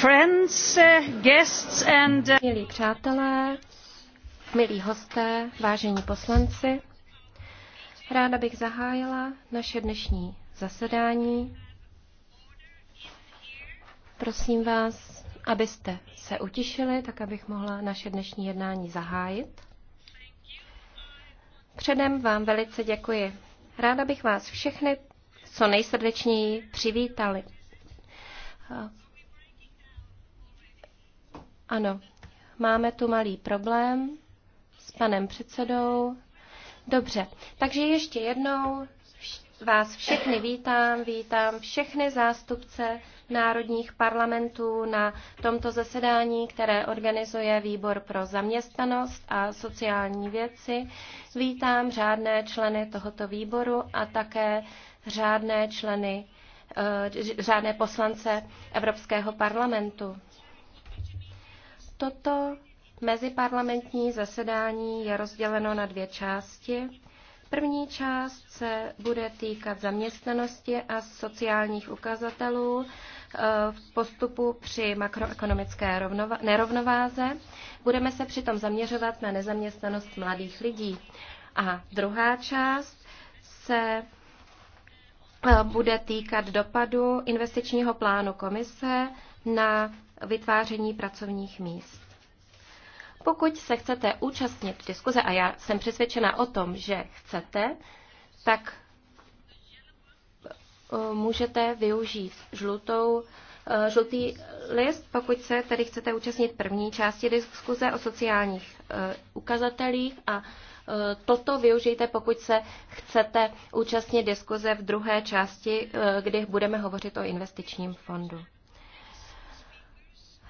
friends, eh, guests and... Eh, milí přátelé, milí hosté, vážení poslanci, ráda bych zahájila naše dnešní zasedání. Prosím vás, abyste se utišili, tak abych mohla naše dnešní jednání zahájit. Předem vám velice děkuji. Ráda bych vás všechny co nejsrdečněji přivítali. Ano, máme tu malý problém s panem předsedou. Dobře, takže ještě jednou vás všechny vítám, vítám všechny zástupce národních parlamentů na tomto zasedání, které organizuje Výbor pro zaměstnanost a sociální věci. Vítám řádné členy tohoto výboru a také řádné členy, eh, řádné poslance Evropského parlamentu. Toto meziparlamentní zasedání je rozděleno na dvě části. První část se bude týkat zaměstnanosti a sociálních ukazatelů eh, v postupu při makroekonomické nerovnováze. Budeme se přitom zaměřovat na nezaměstnanost mladých lidí. A druhá část se eh, bude týkat dopadu investičního plánu komise na vytváření pracovních míst. Pokud se chcete účastnit diskuze, a já jsem přesvědčena o tom, že chcete, tak eh, můžete využít žlutou, eh, žlutý list, pokud se tedy chcete účastnit první části diskuze o sociálních eh, ukazatelích a toto využijte, pokud se chcete účastnit diskuze v druhé části, kdy budeme hovořit o investičním fondu.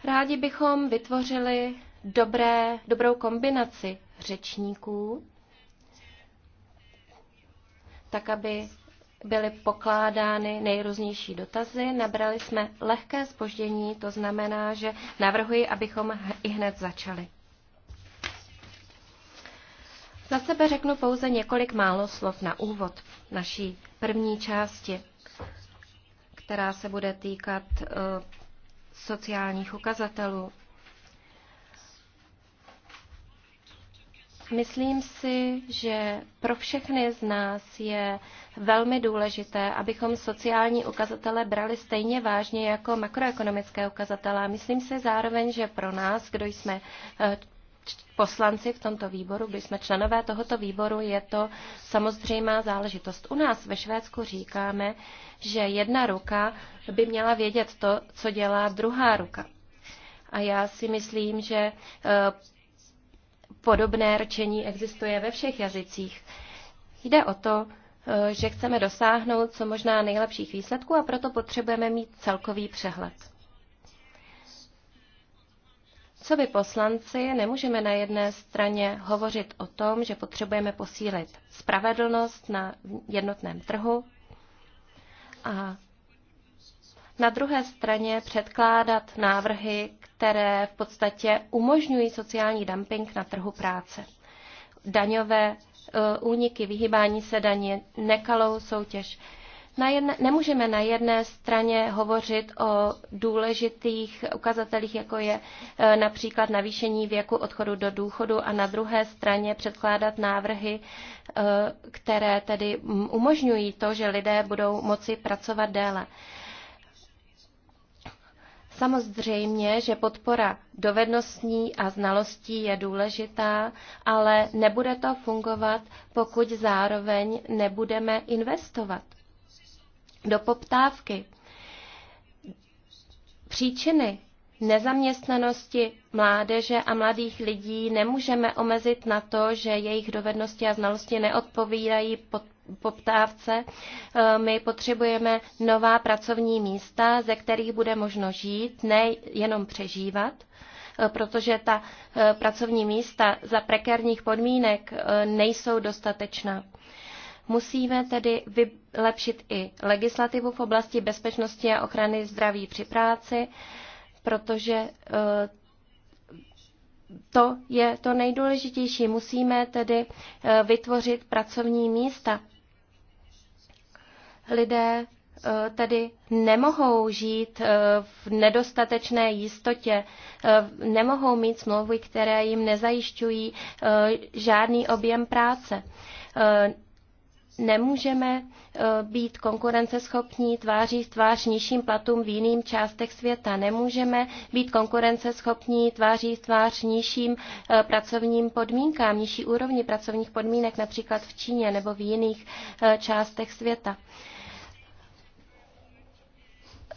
Rádi bychom vytvořili dobré, dobrou kombinaci řečníků, tak aby byly pokládány nejrůznější dotazy. Nabrali jsme lehké spoždění, to znamená, že navrhuji, abychom i hned začali. Za sebe řeknu pouze několik málo slov na úvod naší první části, která se bude týkat eh, sociálních ukazatelů. Myslím si, že pro všechny z nás je velmi důležité, abychom sociální ukazatele brali stejně vážně jako makroekonomické ukazatele. Myslím si zároveň, že pro nás, kdo jsme eh, poslanci v tomto výboru, když jsme členové tohoto výboru, je to samozřejmá záležitost. U nás ve Švédsku říkáme, že jedna ruka by měla vědět to, co dělá druhá ruka. A já si myslím, že e, podobné rčení existuje ve všech jazycích. Jde o to, e, že chceme dosáhnout co možná nejlepších výsledků a proto potřebujeme mít celkový přehled. Co by poslanci nemůžeme na jedné straně hovořit o tom, že potřebujeme posílit spravedlnost na jednotném trhu a na druhé straně předkládat návrhy, které v podstatě umožňují sociální dumping na trhu práce. Daňové eh, úniky, vyhybání se daně, nekalou soutěž na jedne, nemůžeme na jedné straně hovořit o důležitých ukazatelích, jako je e, například navýšení věku odchodu do důchodu a na druhé straně předkládat návrhy, e, které tedy umožňují to, že lidé budou moci pracovat déle. Samozřejmě, že podpora dovednostní a znalostí je důležitá, ale nebude to fungovat, pokud zároveň nebudeme investovat do poptávky. Příčiny nezaměstnanosti mládeže a mladých lidí nemůžeme omezit na to, že jejich dovednosti a znalosti neodpovídají pod poptávce. E, my potřebujeme nová pracovní místa, ze kterých bude možno žít, ne jenom přežívat e, protože ta e, pracovní místa za prekérních podmínek nejsou dostatečná. Musíme tedy vylepšit i legislativu v oblasti bezpečnosti a ochrany zdraví při práci, protože eh, to je to nejdůležitější. Musíme tedy eh, vytvořit pracovní místa. Lidé eh, tedy nemohou žít v nedostatečné jistotě, nemohou mít smlouvy, které jim nezajišťují žádný objem práce nemůžeme eh, být konkurenceschopní tváří v tvář nižším platům v jiným částech světa. Nemůžeme být konkurenceschopní tváří v tvář nižším eh, pracovním podmínkám, nižší úrovni pracovních podmínek například v Číně nebo v jiných eh, částech světa.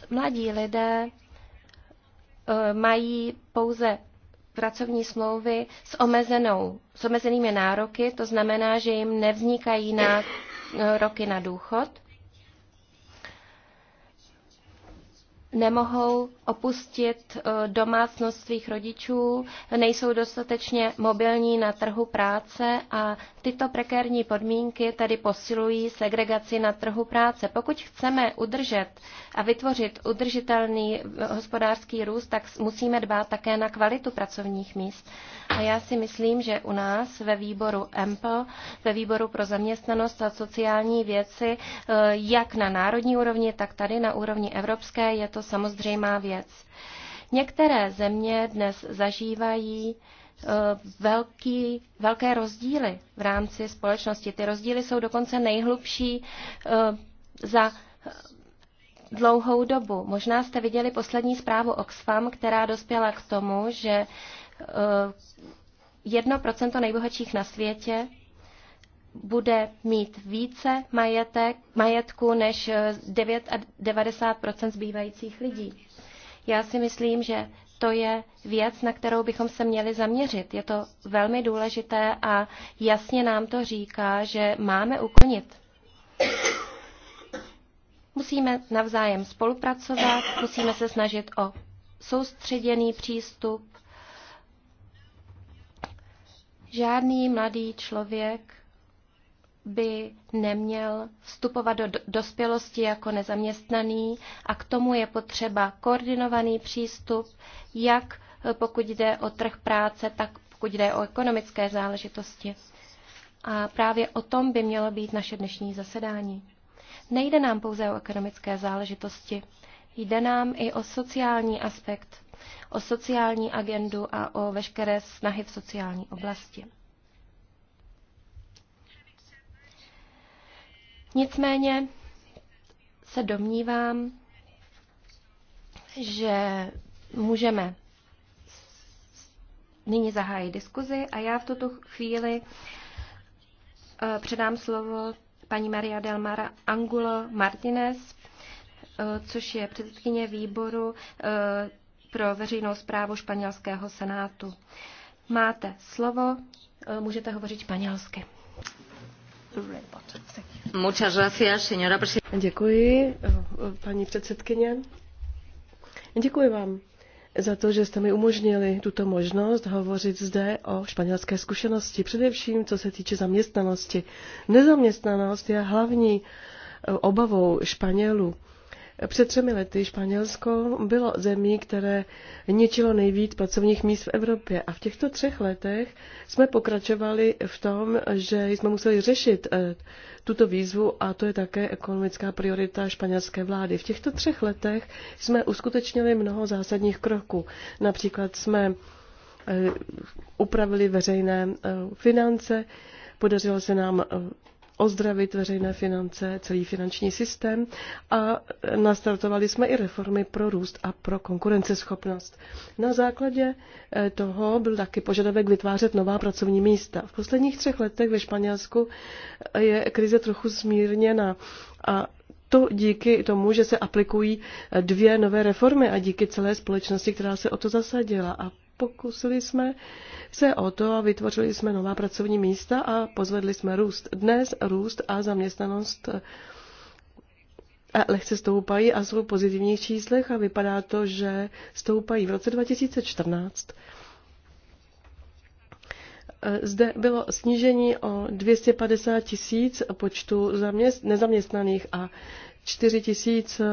Mladí lidé mají pouze pracovní smlouvy s, omezenou, s omezenými nároky, to znamená, že jim nevznikají na roky na důchod. nemohou opustit eh, domácnost svých rodičů, nejsou dostatečně mobilní na trhu práce a tyto prekérní podmínky tedy posilují segregaci na trhu práce. Pokud chceme udržet a vytvořit udržitelný eh, hospodářský růst, tak musíme dbát také na kvalitu pracovních míst. A já si myslím, že u nás ve výboru EMPL, ve výboru pro zaměstnanost a sociální věci, eh, jak na národní úrovni, tak tady na úrovni evropské je to samozřejmá věc. Některé země dnes zažívají e, velký, velké rozdíly v rámci společnosti. Ty rozdíly jsou dokonce nejhlubší e, za e, dlouhou dobu. Možná jste viděli poslední zprávu Oxfam, která dospěla k tomu, že 1% nejbohatších na světě bude mít více majetek, majetku než 99% eh, zbývajících lidí. Já si myslím, že to je věc, na kterou bychom se měli zaměřit. Je to velmi důležité a jasně nám to říká, že máme ukonit. Musíme navzájem spolupracovat, musíme se snažit o soustředěný přístup. Žádný mladý člověk by neměl vstupovat do dospělosti jako nezaměstnaný a k tomu je potřeba koordinovaný přístup, jak eh, pokud jde o trh práce, tak pokud jde o ekonomické záležitosti. A právě o tom by mělo být naše dnešní zasedání. Nejde nám pouze o ekonomické záležitosti, jde nám i o sociální aspekt, o sociální agendu a o veškeré snahy v sociální oblasti. Nicméně se domnívám, že můžeme nyní zahájit diskuzi a já v tuto chvíli eh, předám slovo paní Maria del Mara Angulo Martinez, eh, což je předsedkyně výboru eh, pro veřejnou zprávu španělského senátu. Máte slovo, můžete hovořit španělsky. Děkuji, paní předsedkyně. Děkuji vám za to, že jste mi umožnili tuto možnost hovořit zde o španělské zkušenosti, především co se týče zaměstnanosti. Nezaměstnanost je hlavní eh, obavou Španělů. Před třemi lety Španělsko bylo zemí, které ničilo nejvíc pracovních míst v Evropě. A v těchto třech letech jsme pokračovali v tom, že jsme museli řešit eh, tuto výzvu a to je také ekonomická priorita španělské vlády. V těchto třech letech jsme uskutečnili mnoho zásadních kroků. Například jsme eh, upravili veřejné eh, finance, podařilo se nám ozdravit veřejné finance, celý finanční systém a nastartovali jsme i reformy pro růst a pro konkurenceschopnost. Na základě eh, toho byl taky požadavek vytvářet nová pracovní místa. V posledních třech letech ve Španělsku eh, je krize trochu zmírněna a to díky tomu, že se aplikují eh, dvě nové reformy a díky celé společnosti, která se o to zasadila. A pokusili jsme se o to a vytvořili jsme nová pracovní místa a pozvedli jsme růst. Dnes růst a zaměstnanost lehce stoupají a jsou v pozitivních číslech a vypadá to, že stoupají. V roce 2014 eh, zde bylo snížení o 250 tisíc počtu nezaměstnaných a 4 tisíc eh,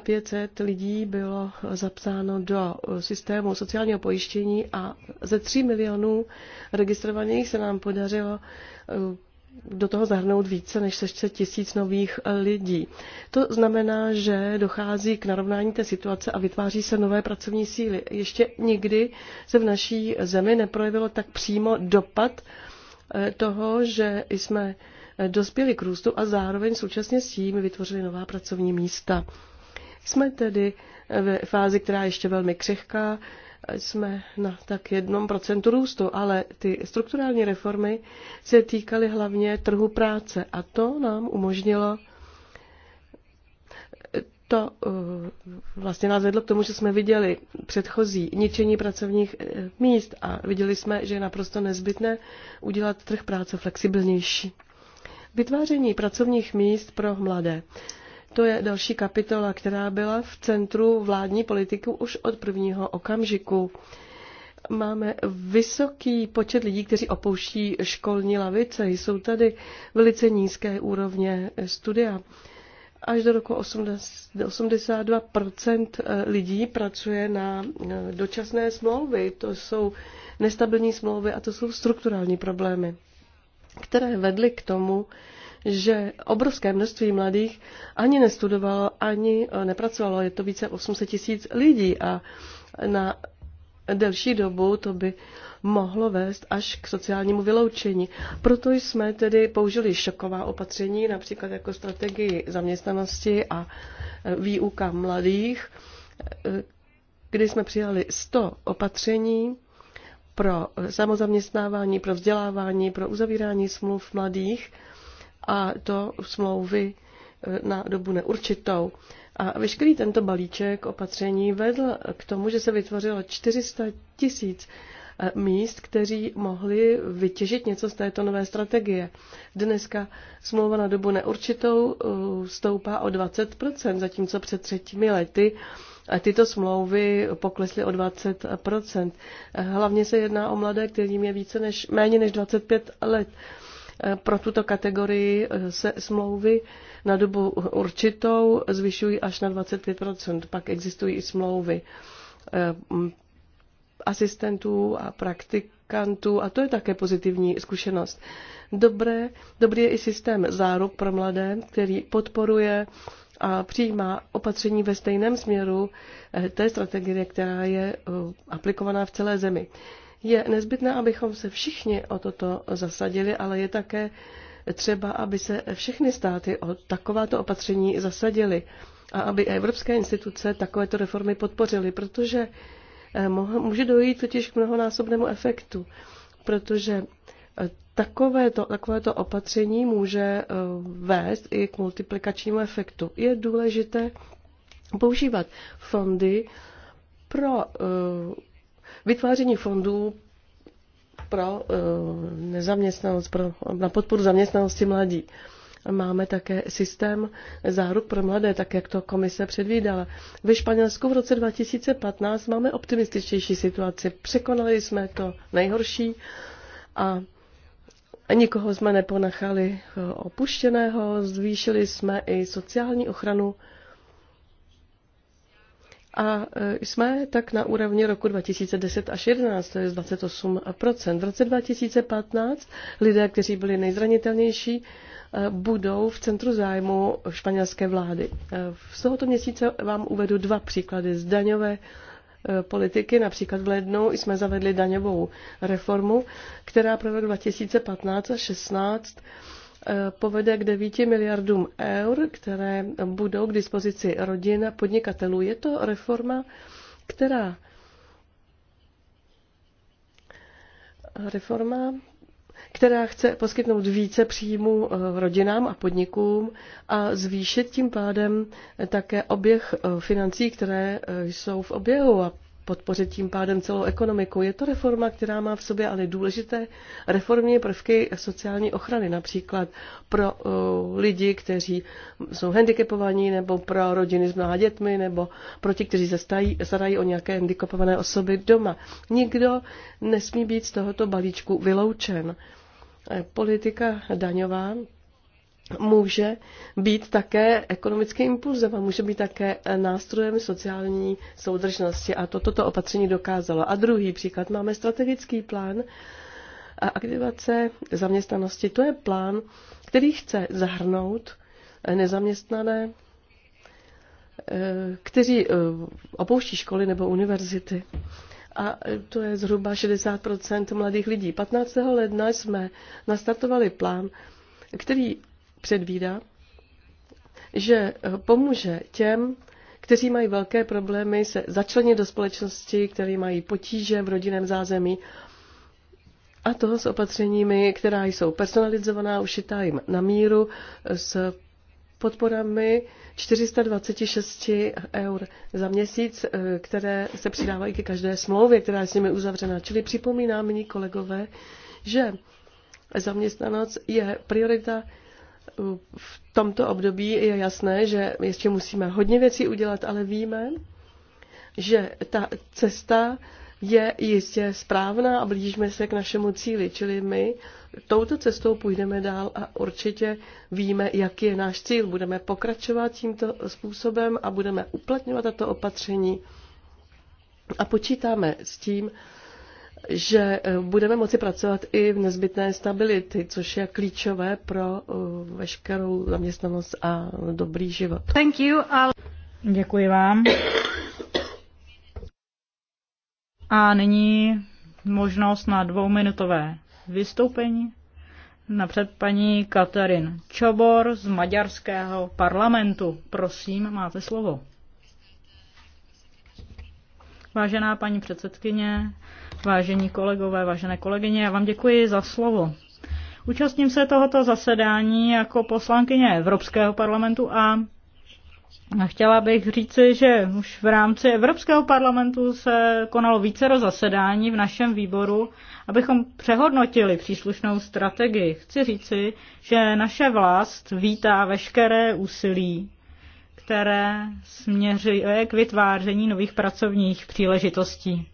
500 lidí bylo zapsáno do systému sociálního pojištění a ze 3 milionů registrovaných se nám podařilo eh, do toho zahrnout více než 600 tisíc nových lidí. To znamená, že dochází k narovnání té situace a vytváří se nové pracovní síly. Ještě nikdy se v naší zemi neprojevilo tak přímo dopad eh, toho, že jsme eh, dospěli k růstu a zároveň současně s tím vytvořili nová pracovní místa. Jsme tedy ve fázi, která je ještě velmi křehká, jsme na tak jednom procentu růstu, ale ty strukturální reformy se týkaly hlavně trhu práce a to nám umožnilo to eh, vlastně nás vedlo k tomu, že jsme viděli předchozí ničení pracovních eh, míst a viděli jsme, že je naprosto nezbytné udělat trh práce flexibilnější. Vytváření pracovních míst pro mladé. To je další kapitola, která byla v centru vládní politiky už od prvního okamžiku. Máme vysoký počet lidí, kteří opouští školní lavice. Jsou tady velice nízké úrovně studia. Až do roku 82 eh, lidí pracuje na eh, dočasné smlouvy. To jsou nestabilní smlouvy a to jsou strukturální problémy, které vedly k tomu, že obrovské množství mladých ani nestudovalo, ani eh, nepracovalo. Je to více 800 tisíc lidí a na delší dobu to by mohlo vést až k sociálnímu vyloučení. Proto jsme tedy použili šoková opatření, například jako strategii zaměstnanosti a eh, výuka mladých, eh, kdy jsme přijali 100 opatření pro samozaměstnávání, pro vzdělávání, pro uzavírání smluv mladých – a to smlouvy e, na dobu neurčitou. A veškerý tento balíček opatření vedl k tomu, že se vytvořilo 400 tisíc e, míst, kteří mohli vytěžit něco z této nové strategie. Dneska smlouva na dobu neurčitou e, stoupá o 20%, zatímco před třetími lety tyto smlouvy poklesly o 20%. Hlavně se jedná o mladé, kterým je více než, méně než 25 let. Eh, pro tuto kategorii eh, se smlouvy na dobu určitou zvyšují až na 25 Pak existují i smlouvy eh, asistentů a praktikantů a to je také pozitivní zkušenost. Dobré, dobrý je i systém záruk pro mladé, který podporuje a přijímá opatření ve stejném směru té strategie, která je aplikovaná v celé zemi. Je nezbytné, abychom se všichni o toto zasadili, ale je také třeba, aby se všechny státy o takováto opatření zasadili a aby evropské instituce takovéto reformy podpořily, protože eh, může dojít totiž k mnohonásobnému efektu, protože eh, takovéto, takovéto opatření může eh, vést i k multiplikačnímu efektu. Je důležité používat fondy pro Vytváření fondů pro eh, nezaměstnanost, pro, na podporu zaměstnanosti mladí. Máme také systém záruk pro mladé, tak jak to komise předvídala. Ve Španělsku v roce 2015 máme optimističtější situaci. Překonali jsme to nejhorší a nikoho jsme neponachali eh, opuštěného, zvýšili jsme i sociální ochranu a e, jsme tak na úrovni roku 2010 až 2011, to je z 28%. V roce 2015 lidé, kteří byli nejzranitelnější, e, budou v centru zájmu španělské vlády. E, z tohoto měsíce vám uvedu dva příklady z daňové politiky. Například v lednu jsme zavedli daňovou reformu, která pro rok 2015 a 16 Eh, povede k 9 miliardům eur, které budou k dispozici rodin a podnikatelů. Je to reforma, která reforma, která chce poskytnout více příjmů eh, rodinám a podnikům a zvýšit tím pádem také oběh eh, financí, které jsou v oběhu a podpořit tím pádem celou ekonomiku. Je to reforma, která má v sobě ale důležité reformní prvky sociální ochrany, například pro uh, lidi, kteří jsou handicapovaní, nebo pro rodiny s mnoha dětmi, nebo pro ti, kteří se stají, starají o nějaké handicapované osoby doma. Nikdo nesmí být z tohoto balíčku vyloučen. Eh, politika daňová může být také ekonomický impulzem a může být také nástrojem sociální soudržnosti. A toto to opatření dokázalo. A druhý příklad, máme strategický plán a aktivace zaměstnanosti. To je plán, který chce zahrnout nezaměstnané, eh, kteří eh, opouští školy nebo univerzity. A to je zhruba 60 mladých lidí. 15. ledna jsme nastartovali plán, který předvídá, že pomůže těm, kteří mají velké problémy se začlenit do společnosti, kteří mají potíže v rodinném zázemí, a to s opatřeními, která jsou personalizovaná, ušitá jim na míru, s podporami 426 eur za měsíc, eh, které se přidávají ke každé smlouvě, která je s nimi uzavřena. Čili připomínám mi kolegové, že zaměstnanost je priorita v tomto období je jasné, že ještě musíme hodně věcí udělat, ale víme, že ta cesta je jistě správná a blížíme se k našemu cíli, čili my touto cestou půjdeme dál a určitě víme, jaký je náš cíl. Budeme pokračovat tímto způsobem a budeme uplatňovat tato opatření a počítáme s tím, že eh, budeme moci pracovat i v nezbytné stability, což je klíčové pro eh, veškerou zaměstnanost a dobrý život. Thank you. I'll... Děkuji vám. A nyní možnost na dvouminutové vystoupení. Napřed paní Katarin Čobor z maďarského parlamentu. Prosím, máte slovo. Vážená paní předsedkyně, Vážení kolegové, vážené kolegyně, já vám děkuji za slovo. Účastním se tohoto zasedání jako poslankyně Evropského parlamentu a chtěla bych říci, že už v rámci Evropského parlamentu se konalo vícero zasedání v našem výboru, abychom přehodnotili příslušnou strategii. Chci říci, že naše vlast vítá veškeré úsilí které směřuje k vytváření nových pracovních příležitostí.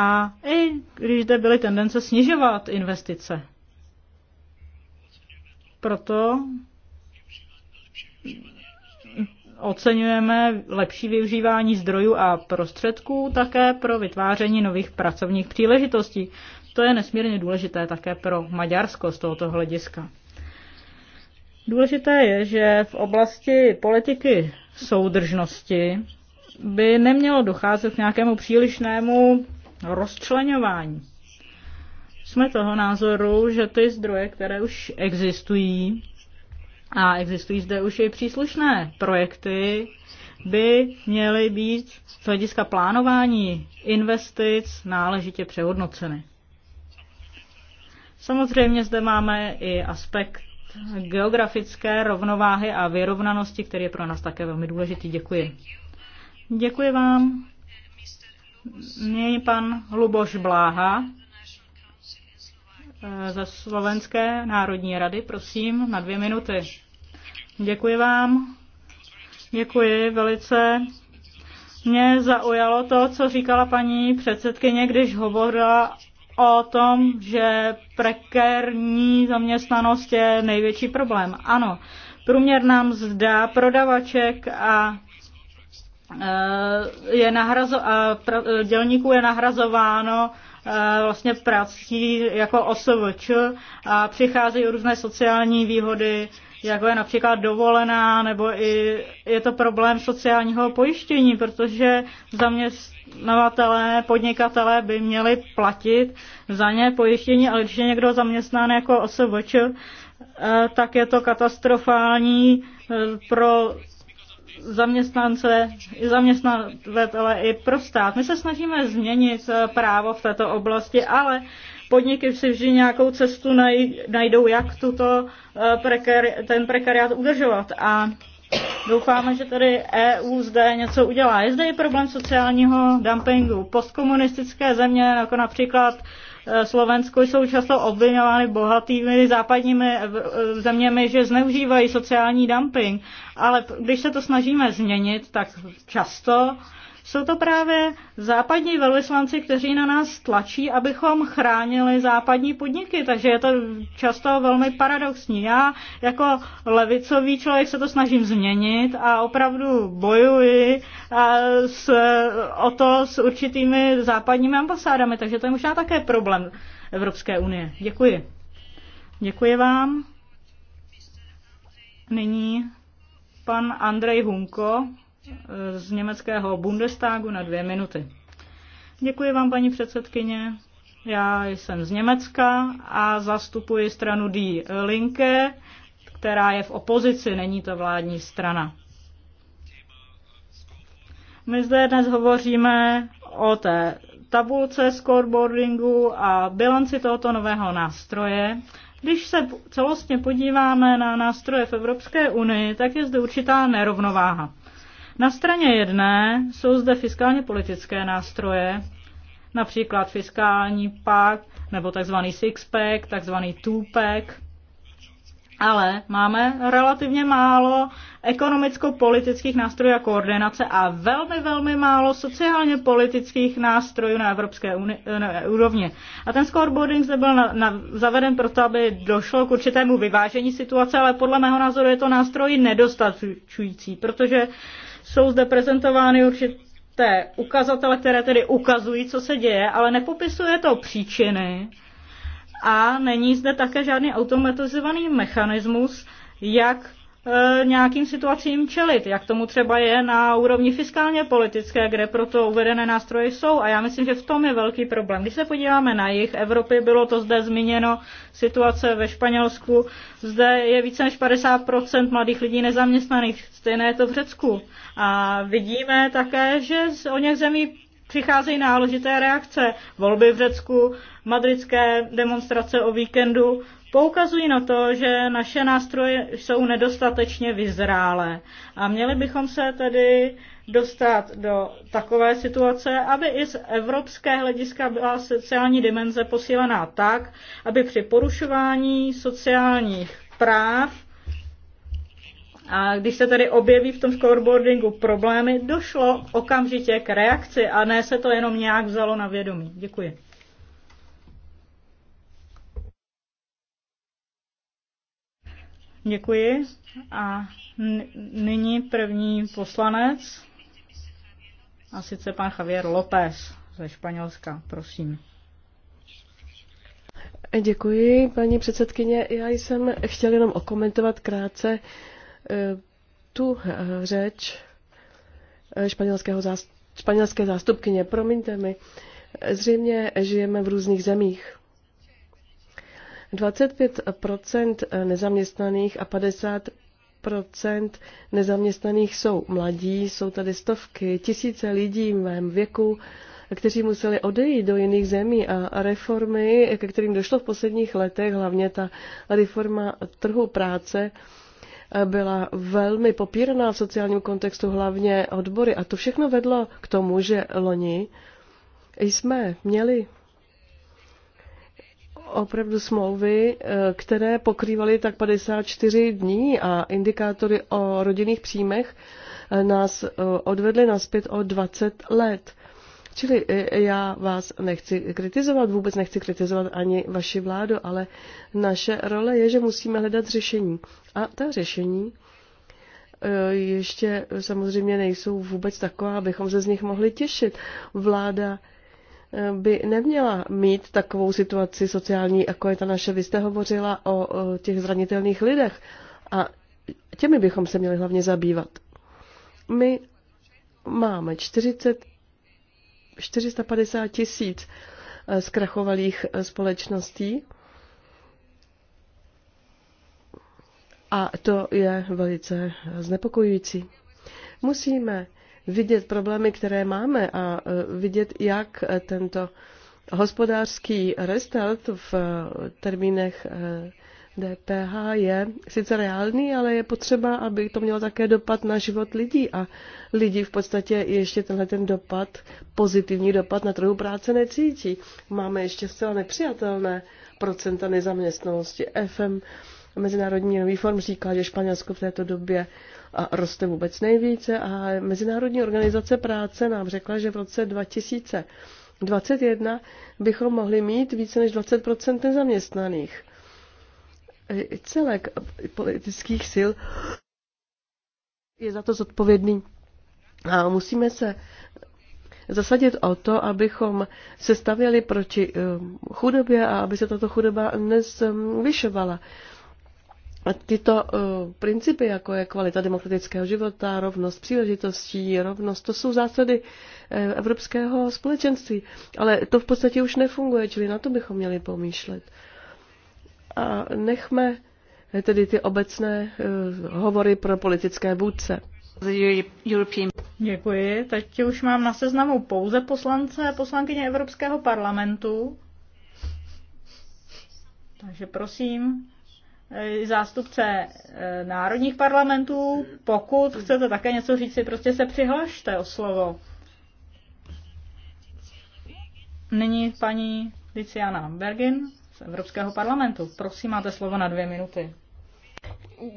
A i když zde byly tendence snižovat investice. Proto oceňujeme lepší využívání zdrojů a prostředků také pro vytváření nových pracovních příležitostí. To je nesmírně důležité také pro Maďarsko z tohoto hlediska. Důležité je, že v oblasti politiky soudržnosti by nemělo docházet k nějakému přílišnému rozčlenování. Jsme toho názoru, že ty zdroje, které už existují, a existují zde už i příslušné projekty, by měly být z hlediska plánování investic náležitě přehodnoceny. Samozřejmě zde máme i aspekt geografické rovnováhy a vyrovnanosti, který je pro nás také velmi důležitý. Děkuji. Děkuji vám. Nyní pan Hluboš Bláha eh, ze Slovenské národní rady, prosím, na dvě minuty. Děkuji vám. Děkuji velice. Mě zaujalo to, co říkala paní předsedkyně, když hovorila o tom, že prekérní zaměstnanost je největší problém. Ano, průměrná mzda prodavaček a Eh, je nahrazo, dělníků je nahrazováno eh, vlastně prací jako OSVČ a přicházejí různé sociální výhody, jako je například dovolená, nebo i je to problém sociálního pojištění, protože zaměstnavatelé, podnikatelé by měli platit za ně pojištění, ale když je někdo zaměstnán jako OSVČ, eh, tak je to katastrofální pro zaměstnance, i zaměstnavatele, i pro stát. My se snažíme změnit eh, právo v této oblasti, ale podniky si vždy nějakou cestu najdou, jak tuto eh, prekari, ten prekariát udržovat. A doufáme, že tady EU zde něco udělá. Je zde i problém sociálního dumpingu. Postkomunistické země, jako například Eh, Slovensku jsou často obvinovány bohatými západními eh, eh, zeměmi, že zneužívají sociální dumping. Ale když se to snažíme změnit, tak často jsou to právě západní velvyslanci, kteří na nás tlačí, abychom chránili západní podniky, takže je to často velmi paradoxní. Já jako levicový člověk se to snažím změnit a opravdu bojuji s, o to s určitými západními ambasádami, takže to je možná také problém Evropské unie. Děkuji. Děkuji vám. Nyní pan Andrej Hunko z německého Bundestagu na dvě minuty. Děkuji vám, paní předsedkyně. Já jsem z Německa a zastupuji stranu Die Linke, která je v opozici, není to vládní strana. My zde dnes hovoříme o té tabulce scoreboardingu a bilanci tohoto nového nástroje. Když se celostně podíváme na nástroje v Evropské unii, tak je zde určitá nerovnováha. Na straně jedné jsou zde fiskálně politické nástroje, například fiskální pak nebo tzv. six-pack, tzv. two-pack, ale máme relativně málo ekonomicko-politických nástrojů a koordinace a velmi, velmi málo sociálně-politických nástrojů na evropské uni- na úrovni. A ten scoreboarding zde byl na- na- zaveden proto, aby došlo k určitému vyvážení situace, ale podle mého názoru je to nástroj nedostačující, protože uh, jsou zde prezentovány určité ukazatele, které tedy ukazují, co se děje, ale nepopisuje to příčiny a není zde také žádný automatizovaný mechanismus, jak E, nějakým situacím čelit, jak tomu třeba je na úrovni fiskálně politické, kde proto uvedené nástroje jsou. A já myslím, že v tom je velký problém. Když se podíváme na jich Evropy, bylo to zde zmíněno, situace ve Španělsku, zde je více než 50% mladých lidí nezaměstnaných, stejné je to v Řecku. A vidíme také, že z o něch zemí přicházejí náležité reakce. Volby v Řecku, madridské demonstrace o víkendu, poukazují na to, že naše nástroje jsou nedostatečně vyzrálé a měli bychom se tedy dostat do takové situace, aby i z evropské hlediska byla sociální dimenze posílená tak, aby při porušování sociálních práv a když se tedy objeví v tom scoreboardingu problémy, došlo okamžitě k reakci a ne se to jenom nějak vzalo na vědomí. Děkuji. Děkuji. A nyní první poslanec, a sice pan Javier López ze Španělska. Prosím. Děkuji, paní předsedkyně. Já jsem chtěl jenom okomentovat krátce e, tu e, řeč e, španělského zást- španělské zástupkyně. Promiňte mi, zřejmě žijeme v různých zemích. 25 eh, nezaměstnaných a 50 procent nezaměstnaných jsou mladí, jsou tady stovky, tisíce lidí v mém věku, kteří museli odejít do jiných zemí a reformy, ke kterým došlo v posledních letech, hlavně ta reforma trhu práce, eh, byla velmi popíraná v sociálním kontextu, hlavně odbory. A to všechno vedlo k tomu, že loni jsme měli opravdu smlouvy, eh, které pokrývaly tak 54 dní a indikátory o rodinných příjmech eh, nás eh, odvedly naspět o 20 let. Čili já vás nechci kritizovat, vůbec nechci kritizovat ani vaši vládu, ale naše role je, že musíme hledat řešení. A ta řešení ještě samozřejmě nejsou vůbec taková, abychom se z nich mohli těšit. Vláda by neměla mít takovou situaci sociální, jako je ta naše. Vy jste hovořila o, o těch zranitelných lidech a těmi bychom se měli hlavně zabývat. My máme 40, 450 tisíc eh, zkrachovalých eh, společností a to je velice eh, znepokojující. Musíme vidět problémy, které máme a e, vidět, jak e, tento hospodářský restart v e, termínech DPH je sice reálný, ale je potřeba, aby to mělo také dopad na život lidí a lidi v podstatě ještě tenhle ten dopad, pozitivní dopad na trhu práce necítí. Máme ještě zcela nepřijatelné procenta nezaměstnanosti. FM Mezinárodní nový form říká, že Španělsko v této době a roste vůbec nejvíce. A Mezinárodní organizace práce nám řekla, že v roce 2021 bychom mohli mít více než 20 nezaměstnaných. Celek politických sil je za to zodpovědný. A musíme se zasadit o to, abychom se stavěli proti eh, chudobě a aby se tato chudoba nezvyšovala. Eh, um, tyto eh, principy, jako je kvalita demokratického života, rovnost příležitostí, rovnost, to jsou zásady eh, evropského společenství. Ale to v podstatě už nefunguje, čili na to bychom měli pomýšlet. A nechme eh, tedy ty obecné hovory pro politické vůdce. Děkuji. Teď už mám na seznamu pouze poslance a poslankyně Evropského parlamentu. Takže prosím, Eh, zástupce eh, národních parlamentů. Pokud chcete také něco říct, si prostě se přihlašte o slovo. Nyní paní Liciana Bergin z Evropského parlamentu. Prosím, máte slovo na dvě minuty.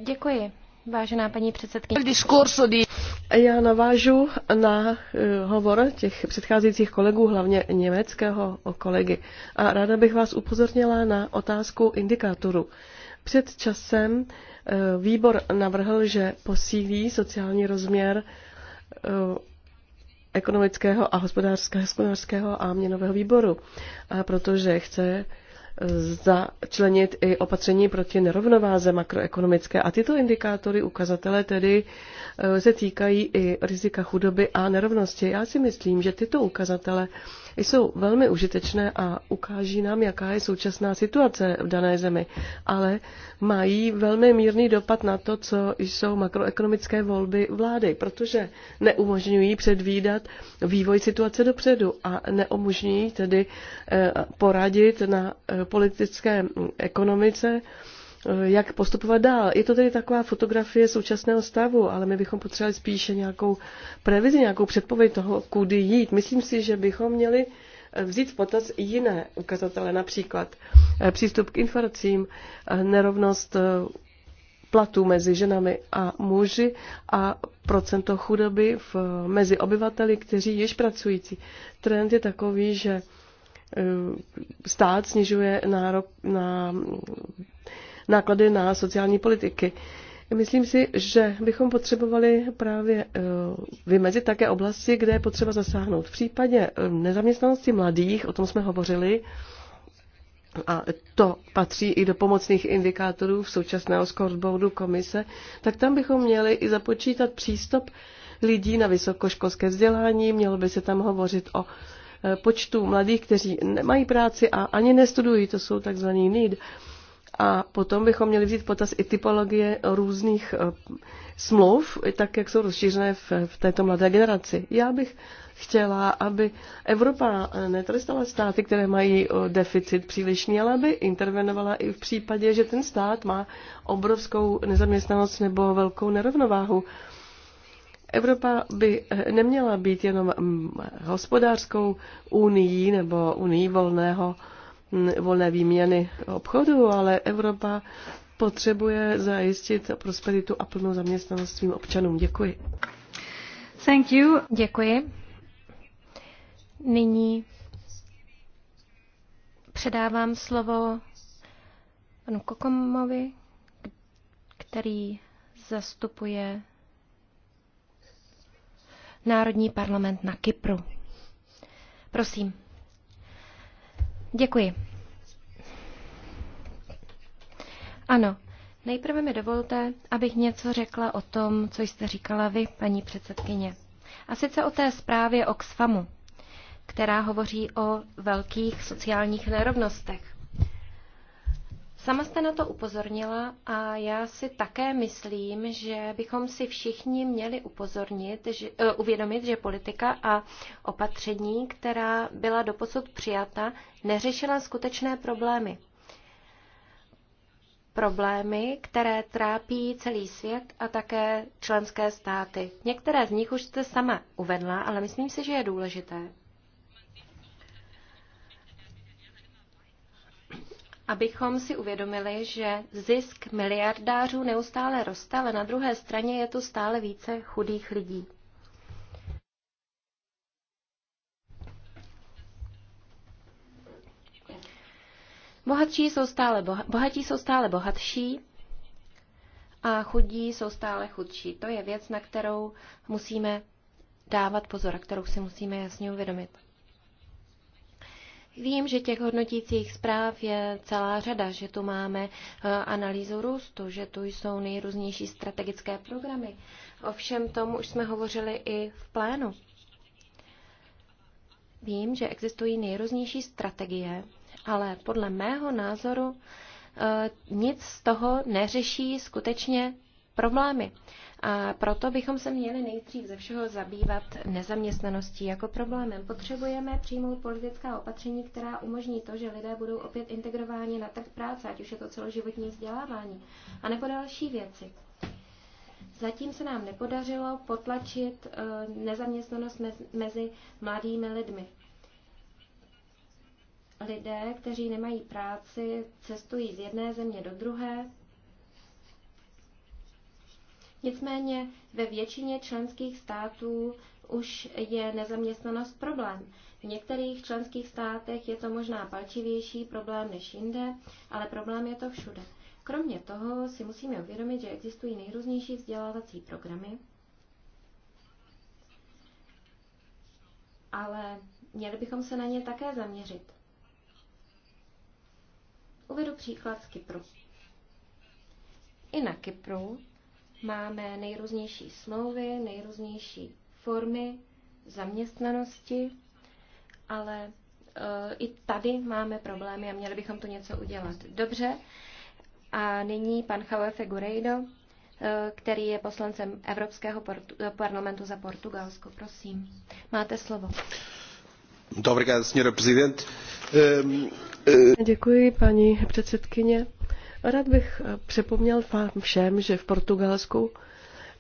Děkuji. Vážená paní předsedkyně. Já navážu na eh, hovor těch předcházejících kolegů, hlavně německého kolegy. A ráda bych vás upozornila na otázku indikátoru. Před časem eh, výbor navrhl, že posílí sociální rozměr eh, ekonomického a hospodářského, hospodářského a měnového výboru, protože chce začlenit i opatření proti nerovnováze makroekonomické. A tyto indikátory, ukazatele tedy eh, se týkají i rizika chudoby a nerovnosti. Já si myslím, že tyto ukazatele jsou velmi užitečné a ukáží nám, jaká je současná situace v dané zemi, ale mají velmi mírný dopad na to, co jsou makroekonomické volby vlády, protože neumožňují předvídat vývoj situace dopředu a neumožňují tedy eh, poradit na eh, politické ekonomice, eh, jak postupovat dál. Je to tedy taková fotografie současného stavu, ale my bychom potřebovali spíše nějakou previzi, nějakou předpověď toho, kudy jít. Myslím si, že bychom měli eh, vzít v potaz jiné ukazatele, například eh, přístup k informacím, nerovnost platů mezi ženami a muži a procento chudoby v, mezi obyvateli, kteří již pracující. Trend je takový, že Eh, stát snižuje nárok na náklady na sociální politiky. Myslím si, že bychom potřebovali právě eh, vymezit také oblasti, kde je potřeba zasáhnout. V případě eh, nezaměstnanosti mladých, o tom jsme hovořili, a to patří i do pomocných indikátorů v současného scoreboardu komise, tak tam bychom měli i započítat přístup lidí na vysokoškolské vzdělání, mělo by se tam hovořit o počtu mladých, kteří nemají práci a ani nestudují, to jsou takzvaný need. A potom bychom měli vzít potaz i typologie různých eh, smluv, tak jak jsou rozšířené v, v této mladé generaci. Já bych chtěla, aby Evropa eh, netrestala státy, které mají eh, deficit přílišný, ale aby intervenovala i v případě, že ten stát má obrovskou nezaměstnanost nebo velkou nerovnováhu. Evropa by eh, neměla být jenom mm, hospodářskou unii nebo unii volného, mm, volné výměny obchodu, ale Evropa potřebuje zajistit prosperitu a plnou zaměstnanost svým občanům. Děkuji. Thank you. Děkuji. Nyní předávám slovo panu Kokomovi, který zastupuje Národní parlament na Kypru. Prosím. Děkuji. Ano, nejprve mi dovolte, abych něco řekla o tom, co jste říkala vy, paní předsedkyně. A sice o té zprávě Oxfamu, která hovoří o velkých sociálních nerovnostech. Sama jste na to upozornila a já si také myslím, že bychom si všichni měli upozornit, že, uh, uvědomit, že politika a opatření, která byla doposud přijata, neřešila skutečné problémy. Problémy, které trápí celý svět a také členské státy. Některé z nich už jste sama uvedla, ale myslím si, že je důležité abychom si uvědomili, že zisk miliardářů neustále roste, ale na druhé straně je tu stále více chudých lidí. Bohatší jsou stále boha- bohatí jsou stále bohatší a chudí jsou stále chudší. To je věc, na kterou musíme dávat pozor, a kterou si musíme jasně uvědomit. Vím, že těch hodnotících zpráv je celá řada, že tu máme eh, analýzu růstu, že tu jsou nejrůznější strategické programy. O všem tomu už jsme hovořili i v plénu. Vím, že existují nejrůznější strategie, ale podle mého názoru eh, nic z toho neřeší skutečně problémy. A proto bychom se měli nejdřív ze všeho zabývat nezaměstnaností jako problémem. Potřebujeme přijmout politická opatření, která umožní to, že lidé budou opět integrováni na trh práce, ať už je to celoživotní vzdělávání, anebo další věci. Zatím se nám nepodařilo potlačit eh, nezaměstnanost mezi mladými lidmi. Lidé, kteří nemají práci, cestují z jedné země do druhé, Nicméně ve většině členských států už je nezaměstnanost problém. V některých členských státech je to možná palčivější problém než jinde, ale problém je to všude. Kromě toho si musíme uvědomit, že existují nejrůznější vzdělávací programy, ale měli bychom se na ně také zaměřit. Uvedu příklad z Kypru. I na Kypru Máme nejrůznější smlouvy, nejrůznější formy zaměstnanosti, ale eh, i tady máme problémy a měli bychom tu něco udělat. Dobře. A nyní pan Jaue Figueiredo, eh, který je poslancem Evropského eh, parlamentu za Portugalsko. Prosím, máte slovo. Ehm, Děkuji, paní předsedkyně. Rád bych eh, připomněl vám všem, že v Portugalsku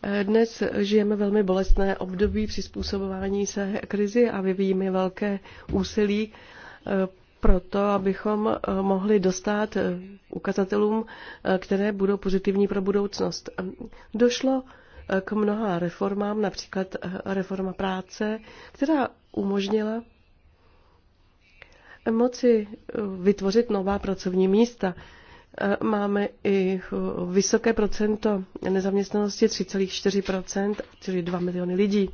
eh, dnes žijeme velmi bolestné období přizpůsobování se krizi a vyvíjíme velké úsilí eh, pro to, abychom mohli dostat ukazatelům, které budou pozitivní pro budoucnost. Došlo k mnoha reformám, například reforma práce, která umožnila moci vytvořit nová pracovní místa. Máme i vysoké procento nezaměstnanosti 3,4%, čili 2 miliony lidí.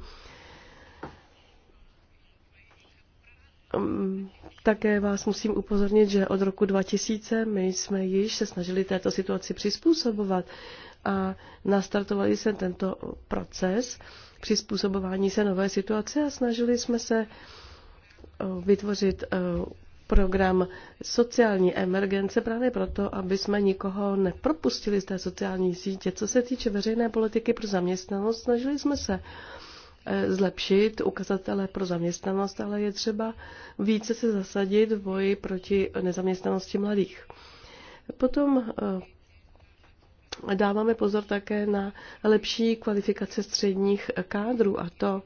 Ehm, také vás musím upozornit, že od roku 2000 my jsme již se snažili této situaci přizpůsobovat a nastartovali se tento proces přizpůsobování se nové situace a snažili jsme se ehm, vytvořit ehm, program sociální emergence právě proto, aby jsme nikoho nepropustili z té sociální sítě. Co se týče veřejné politiky pro zaměstnanost, snažili jsme se eh, zlepšit ukazatele pro zaměstnanost, ale je třeba více se zasadit v boji proti nezaměstnanosti mladých. Potom eh, dáváme pozor také na lepší kvalifikace středních kádrů a to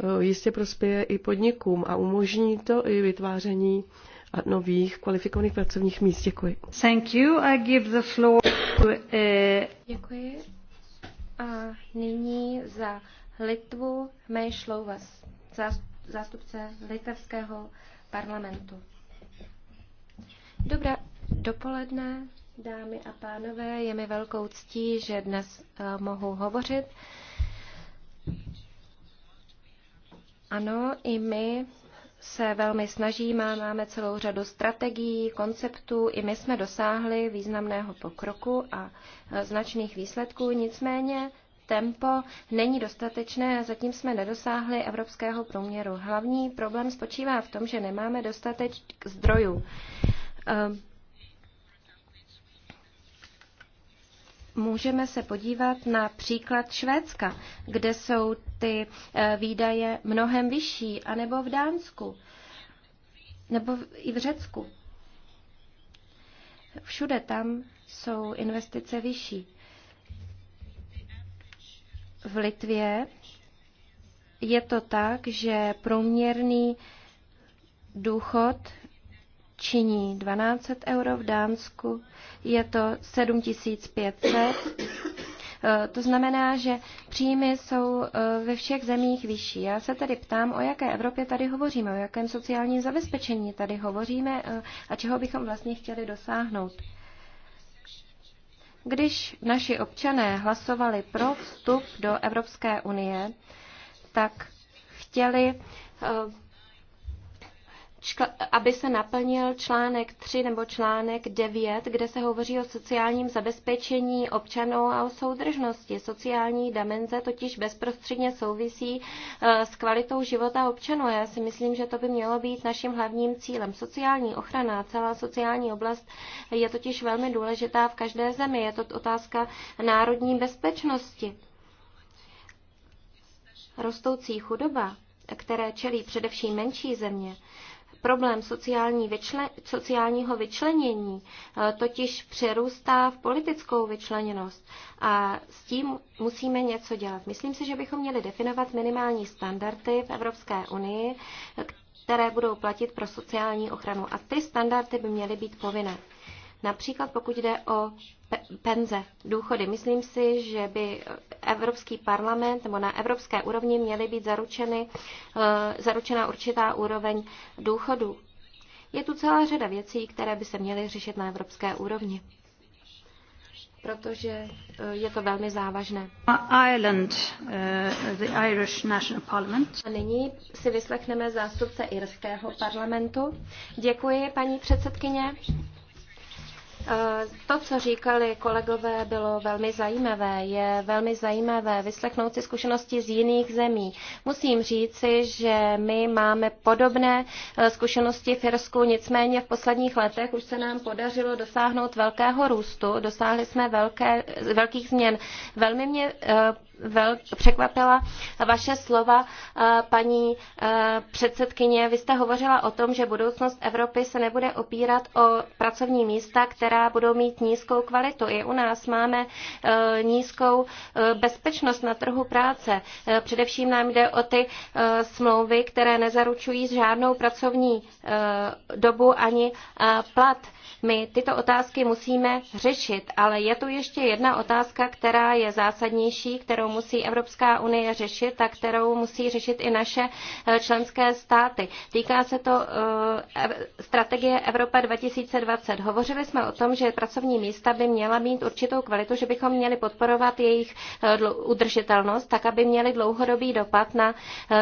Eh, jistě prospěje i podnikům a umožní to i vytváření nových kvalifikovaných pracovních míst. Děkuji. Thank you. I give the floor to, uh... Děkuji. A nyní za Litvu Mejšlouvas, zástupce litevského parlamentu. Dobré dopoledne, dámy a pánové. Je mi velkou ctí, že dnes eh, mohu hovořit. Ano, i my se velmi snažíme, máme celou řadu strategií, konceptů. I my jsme dosáhli významného pokroku a e, značných výsledků, nicméně tempo není dostatečné a zatím jsme nedosáhli evropského průměru. Hlavní problém spočívá v tom, že nemáme dostatek zdrojů. Um, můžeme se podívat na příklad Švédska, kde jsou ty eh, výdaje mnohem vyšší, anebo v Dánsku, nebo i v Řecku. Všude tam jsou investice vyšší. V Litvě je to tak, že průměrný důchod činí 12 euro, v Dánsku je to 7500. Eh, to znamená, že příjmy jsou eh, ve všech zemích vyšší. Já se tedy ptám, o jaké Evropě tady hovoříme, o jakém sociálním zabezpečení tady hovoříme eh, a čeho bychom vlastně chtěli dosáhnout. Když naši občané hlasovali pro vstup do Evropské unie, tak chtěli aby se naplnil článek 3 nebo článek 9, kde se hovoří o sociálním zabezpečení občanů a o soudržnosti. Sociální dimenze totiž bezprostředně souvisí eh, s kvalitou života občanů. Já si myslím, že to by mělo být naším hlavním cílem. Sociální ochrana, celá sociální oblast je totiž velmi důležitá v každé zemi. Je to otázka národní bezpečnosti. Rostoucí chudoba, které čelí především menší země, problém sociální vyčle, sociálního vyčlenění eh, totiž přerůstá v politickou vyčleněnost a s tím musíme něco dělat. Myslím si, že bychom měli definovat minimální standardy v Evropské unii, které budou platit pro sociální ochranu a ty standardy by měly být povinné. Například pokud jde o penze, důchody. Myslím si, že by Evropský parlament nebo na evropské úrovni měly být zaručeny, eh, zaručena určitá úroveň důchodu. Je tu celá řada věcí, které by se měly řešit na evropské úrovni, protože eh, je to velmi závažné. Ireland, eh, the Irish National Parliament. A nyní si vyslechneme zástupce irského parlamentu. Děkuji, paní předsedkyně. To, co říkali kolegové, bylo velmi zajímavé. Je velmi zajímavé vyslechnout si zkušenosti z jiných zemí. Musím říci, že my máme podobné eh, zkušenosti v Irsku, nicméně v posledních letech už se nám podařilo dosáhnout velkého růstu, dosáhli jsme velké, velkých změn. Velmi mě eh, vel, překvapila vaše slova, eh, paní eh, předsedkyně. Vy jste hovořila o tom, že budoucnost Evropy se nebude opírat o pracovní místa, která budou mít nízkou kvalitu. I u nás máme eh, nízkou bezpečnost na trhu práce. Především nám jde o ty smlouvy, které nezaručují žádnou pracovní dobu ani plat. My tyto otázky musíme řešit, ale je tu ještě jedna otázka, která je zásadnější, kterou musí Evropská unie řešit a kterou musí řešit i naše eh, členské státy. Týká se to eh, strategie Evropa 2020. Hovořili jsme o tom, že pracovní místa by měla mít určitou kvalitu, že bychom měli podporovat jejich eh, udržitelnost, tak aby měli dlouhodobý dopad na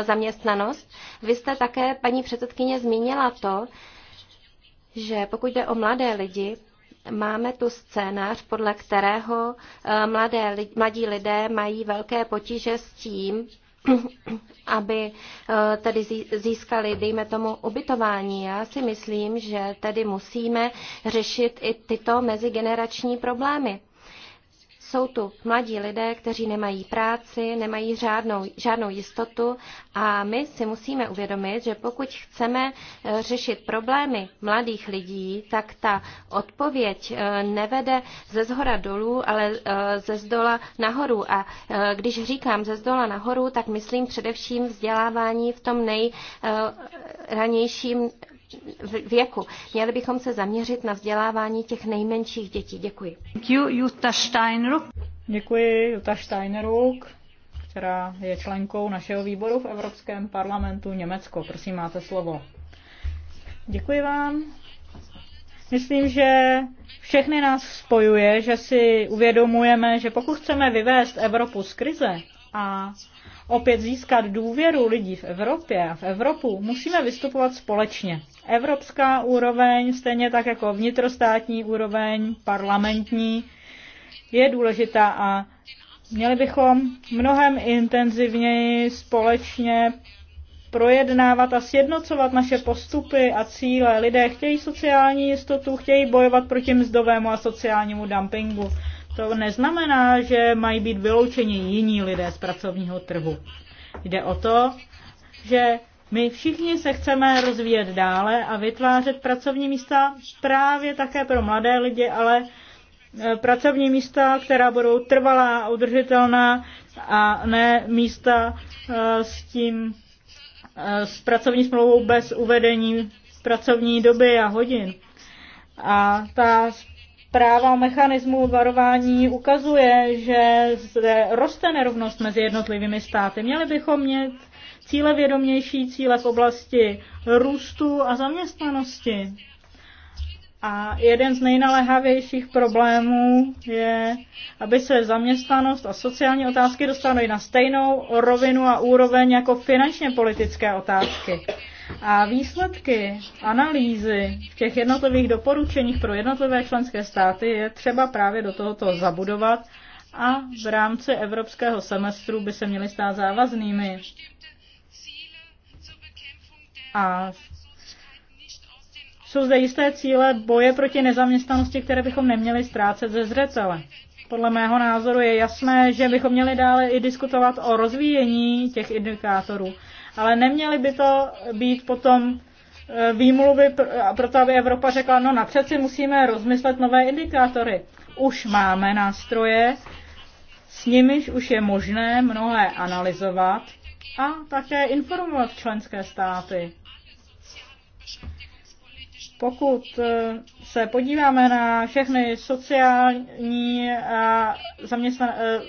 zaměstnanost. Vy jste také, paní předsedkyně, zmínila to, že pokud jde o mladé lidi, máme tu scénář, podle kterého eh, mladé, mladí lidé mají velké potíže s tím, aby eh, tedy získali, dejme tomu, ubytování. Já si myslím, že tedy musíme řešit i tyto mezigenerační problémy. Jsou tu mladí lidé, kteří nemají práci, nemají žádnou, žádnou jistotu a my si musíme uvědomit, že pokud chceme eh, řešit problémy mladých lidí, tak ta odpověď eh, nevede ze zhora dolů, ale eh, ze zdola nahoru. A když říkám ze zdola nahoru, tak myslím především vzdělávání v tom nejranějším věku. Měli bychom se zaměřit na vzdělávání těch nejmenších dětí. Děkuji. Děkuji Jutta Steinruck, která je členkou našeho výboru v Evropském parlamentu Německo. Prosím, máte slovo. Děkuji vám. Myslím, že všechny nás spojuje, že si uvědomujeme, že pokud chceme vyvést Evropu z krize a opět získat důvěru lidí v Evropě a v Evropu, musíme vystupovat společně evropská úroveň, stejně tak jako vnitrostátní úroveň, parlamentní, je důležitá a měli bychom mnohem intenzivněji společně projednávat a sjednocovat naše postupy a cíle. Lidé chtějí sociální jistotu, chtějí bojovat proti mzdovému a sociálnímu dumpingu. To neznamená, že mají být vyloučeni jiní lidé z pracovního trhu. Jde o to, že my všichni se chceme rozvíjet dále a vytvářet pracovní místa právě také pro mladé lidi, ale e, pracovní místa, která budou trvalá a udržitelná a ne místa e, s tím e, s pracovní smlouvou bez uvedení pracovní doby a hodin. A ta o mechanismu varování ukazuje, že roste nerovnost mezi jednotlivými státy. Měli bychom mít cíle vědomější, cíle v oblasti růstu a zaměstnanosti. A jeden z nejnaléhavějších problémů je, aby se zaměstnanost a sociální otázky dostaly na stejnou rovinu a úroveň jako finančně politické otázky. A výsledky analýzy v těch jednotlivých doporučeních pro jednotlivé členské státy je třeba právě do tohoto zabudovat a v rámci evropského semestru by se měly stát závaznými. A jsou zde jisté cíle boje proti nezaměstnanosti, které bychom neměli ztrácet ze zřetele. Podle mého názoru je jasné, že bychom měli dále i diskutovat o rozvíjení těch indikátorů, ale neměli by to být potom e, výmluvy proto, aby Evropa řekla, no napřed si musíme rozmyslet nové indikátory. Už máme nástroje, s nimiž už je možné mnohé analyzovat a také informovat členské státy pokud eh, se podíváme na všechny sociální a zaměstnan- eh,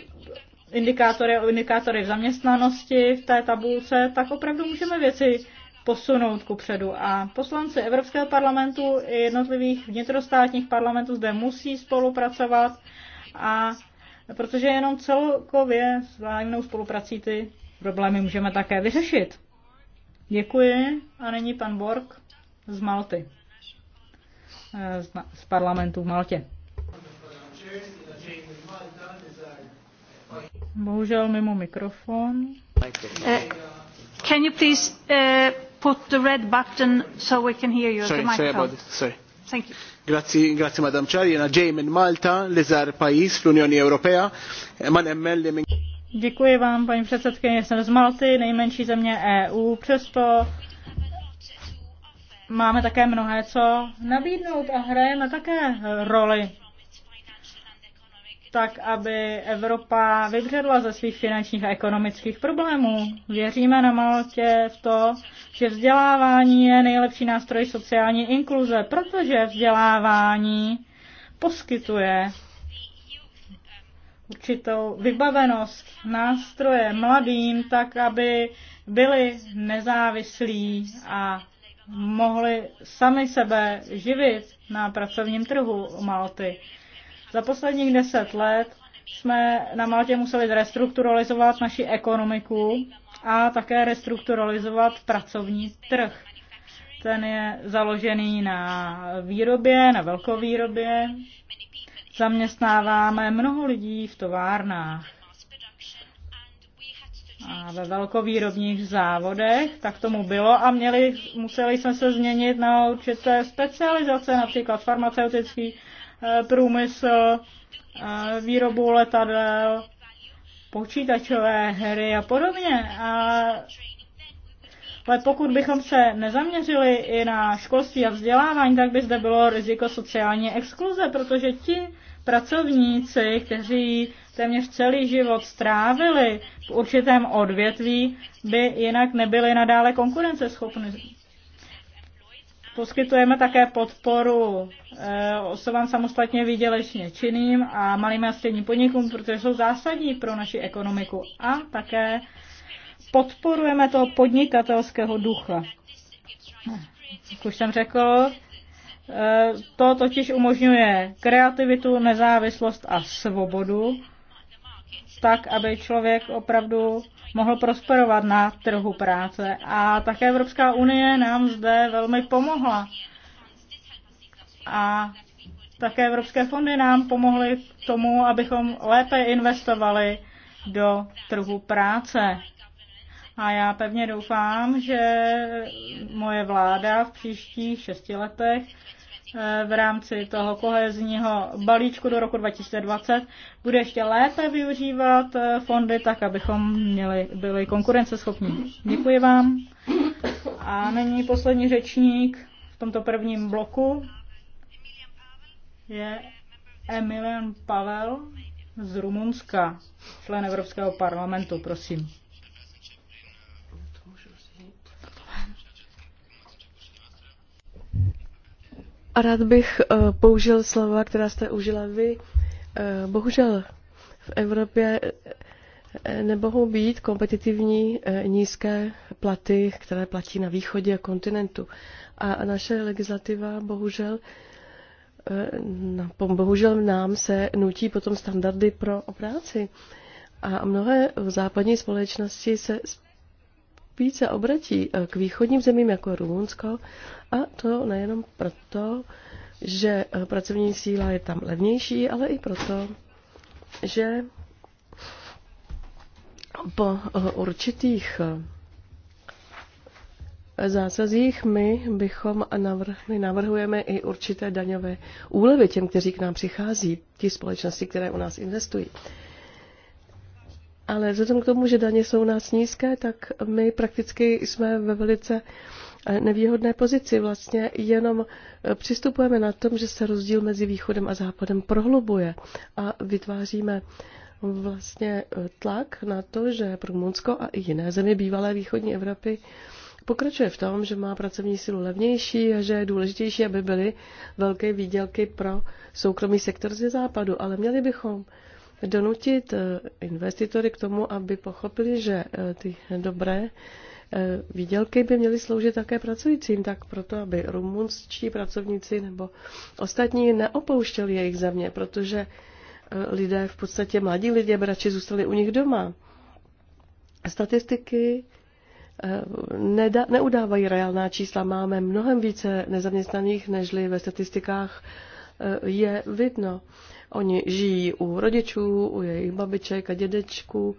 indikátory a indikátory v zaměstnanosti v té tabulce, tak opravdu můžeme věci posunout ku předu. A poslanci Evropského parlamentu i jednotlivých vnitrostátních parlamentů zde musí spolupracovat, a protože jenom celkově s vzájemnou spoluprací ty problémy můžeme také vyřešit. Děkuji a není pan Borg z Malty, eh, z parlamentu v Maltě. Bohužel mimo mikrofon. Eh, can you please uh, put the red button so we can hear you? Sorry, the microphone. sorry Sorry. Thank you. Madam Chair, jena Malta, pajis li Děkuji vám, paní předsedkyně, jsem z Malty, nejmenší země EU, přesto máme také mnohé co nabídnout a hrajeme také roli tak, aby Evropa vybředla ze svých finančních a ekonomických problémů. Věříme na Maltě v to, že vzdělávání je nejlepší nástroj sociální inkluze, protože vzdělávání poskytuje určitou vybavenost nástroje mladým, tak aby byli nezávislí a mohli sami sebe živit na pracovním trhu Malty. Za posledních deset let jsme na Maltě museli restrukturalizovat naši ekonomiku a také restrukturalizovat pracovní trh. Ten je založený na výrobě, na velkovýrobě. Zaměstnáváme mnoho lidí v továrnách ve velkovýrobních závodech, tak tomu bylo a měli, museli jsme se změnit na určité specializace, například farmaceutický eh, průmysl, eh, výrobu letadel, počítačové hry a podobně. A, ale pokud bychom se nezaměřili i na školství a vzdělávání, tak by zde bylo riziko sociální exkluze, protože ti pracovníci, kteří téměř celý život strávili v určitém odvětví, by jinak nebyly nadále konkurenceschopní. Poskytujeme také podporu eh, osobám samostatně výdělečně činným a malým a středním podnikům, protože jsou zásadní pro naši ekonomiku a také podporujeme toho podnikatelského ducha. Jak už jsem řekl, eh, to totiž umožňuje kreativitu, nezávislost a svobodu tak, aby člověk opravdu mohl prosperovat na trhu práce. A také Evropská unie nám zde velmi pomohla. A také evropské fondy nám pomohly k tomu, abychom lépe investovali do trhu práce. A já pevně doufám, že moje vláda v příštích šesti letech Eh, v rámci toho kohezního balíčku do roku 2020 bude ještě lépe využívat eh, fondy tak, abychom měli, byli konkurenceschopní. Děkuji vám. A nyní poslední řečník v tomto prvním bloku je Emilian Pavel z Rumunska, člen Evropského parlamentu, prosím. A rád bych eh, použil slova, která jste užila vy. Eh, bohužel v Evropě eh, nemohou být kompetitivní nízké platy, které platí na východě kontinentu. A naše legislativa bohužel bohužel nám se nutí potom standardy pro práci. A mnohé v západní společnosti se více obratí eh, k východním zemím jako Rumunsko a to nejenom proto, že eh, pracovní síla je tam levnější, ale i proto, že po eh, určitých zásazích my bychom navrhli, navrhujeme i určité daňové úlevy těm, kteří k nám přichází, ti společnosti, které u nás investují. Ale vzhledem k tomu, že daně jsou u nás nízké, tak my prakticky jsme ve velice eh, nevýhodné pozici. Vlastně jenom eh, přistupujeme na tom, že se rozdíl mezi východem a západem prohlubuje a vytváříme vlastně eh, tlak na to, že Rumunsko a i jiné země bývalé východní Evropy pokračuje v tom, že má pracovní sílu levnější a že je důležitější, aby byly velké výdělky pro soukromý sektor ze západu. Ale měli bychom donutit eh, investitory k tomu, aby pochopili, že eh, ty dobré eh, výdělky by měly sloužit také pracujícím, tak proto, aby rumunští pracovníci nebo ostatní neopouštěli jejich země, protože lidé, v podstatě mladí lidé, radši zůstali u nich doma. Statistiky neudávají reálná čísla. Máme mnohem více nezaměstnaných, nežli ve statistikách Eh, je vidno. Oni žijí u rodičů, u jejich babiček a dědečků.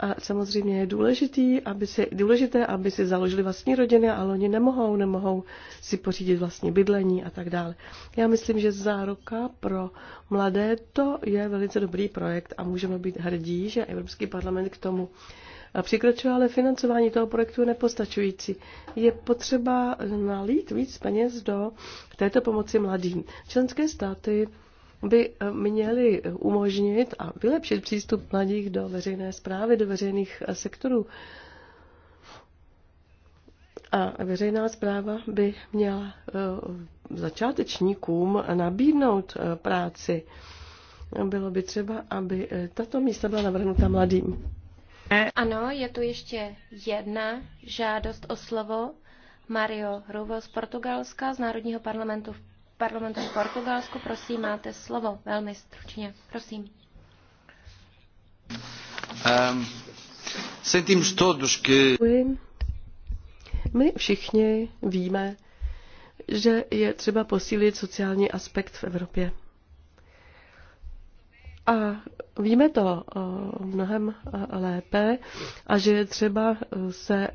A samozřejmě je důležitý, aby si, důležité, aby si založili vlastní rodiny, ale oni nemohou, nemohou si pořídit vlastní bydlení a tak dále. Já myslím, že záruka pro mladé to je velice dobrý projekt a můžeme být hrdí, že Evropský parlament k tomu uh, a přikročuje ale financování toho projektu je nepostačující. Je potřeba nalít víc peněz do této pomoci mladým. Členské státy by eh, měly umožnit a vylepšit přístup mladých do veřejné zprávy, do veřejných eh, sektorů. A veřejná zpráva by měla eh, začátečníkům nabídnout práci. Bylo by třeba, aby tato místa byla navrhnuta mladým. Ano, je tu ještě jedna žádost o slovo. Mario Ruvo z Portugalska, z Národního parlamentu v parlamentu v Portugalsku. Prosím, máte slovo. Velmi stručně. Prosím. Um, sentimos todos que... My všichni víme, že je třeba posílit sociální aspekt v Evropě. A víme to eh, mnohem eh, lépe a že je třeba eh, se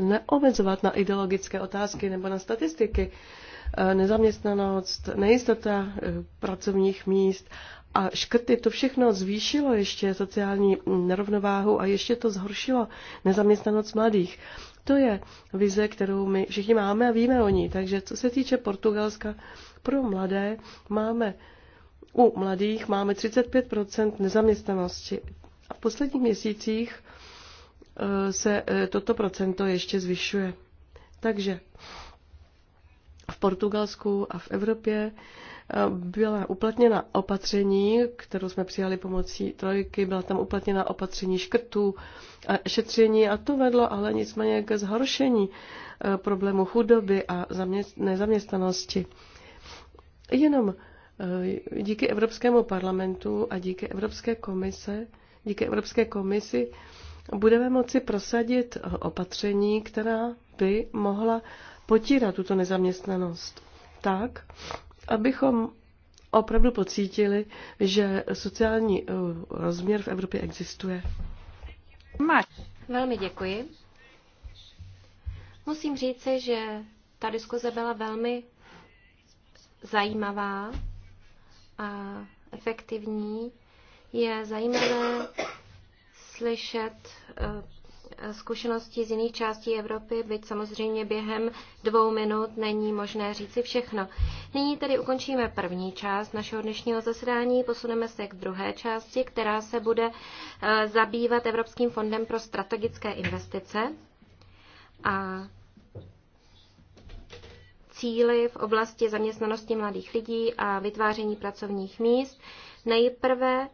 neomezovat na ideologické otázky nebo na statistiky. Nezaměstnanost, nejistota pracovních míst a škrty, to všechno zvýšilo ještě sociální nerovnováhu a ještě to zhoršilo nezaměstnanost mladých. To je vize, kterou my všichni máme a víme o ní. Takže co se týče Portugalska, pro mladé máme u mladých máme 35 nezaměstnanosti. A v posledních měsících eh, se eh, toto procento ještě zvyšuje. Takže v Portugalsku a v Evropě eh, byla uplatněna opatření, kterou jsme přijali pomocí trojky, byla tam uplatněna opatření škrtů a šetření a to vedlo ale nicméně ke zhoršení problému chudoby a nezaměstnanosti. Jenom Eh, díky Evropskému parlamentu a díky Evropské komise, díky Evropské komisi budeme moci prosadit opatření, která by mohla potírat tuto nezaměstnanost tak, abychom opravdu pocítili, že sociální eh, rozměr v Evropě existuje. Máš Velmi děkuji. Musím říci, že ta diskuze byla velmi zajímavá a efektivní, je zajímavé slyšet eh, zkušenosti z jiných částí Evropy, byť samozřejmě během dvou minut není možné říci všechno. Nyní tedy ukončíme první část našeho dnešního zasedání, posuneme se k druhé části, která se bude eh, zabývat Evropským fondem pro strategické investice. A cíly v oblasti zaměstnanosti mladých lidí a vytváření pracovních míst. Nejprve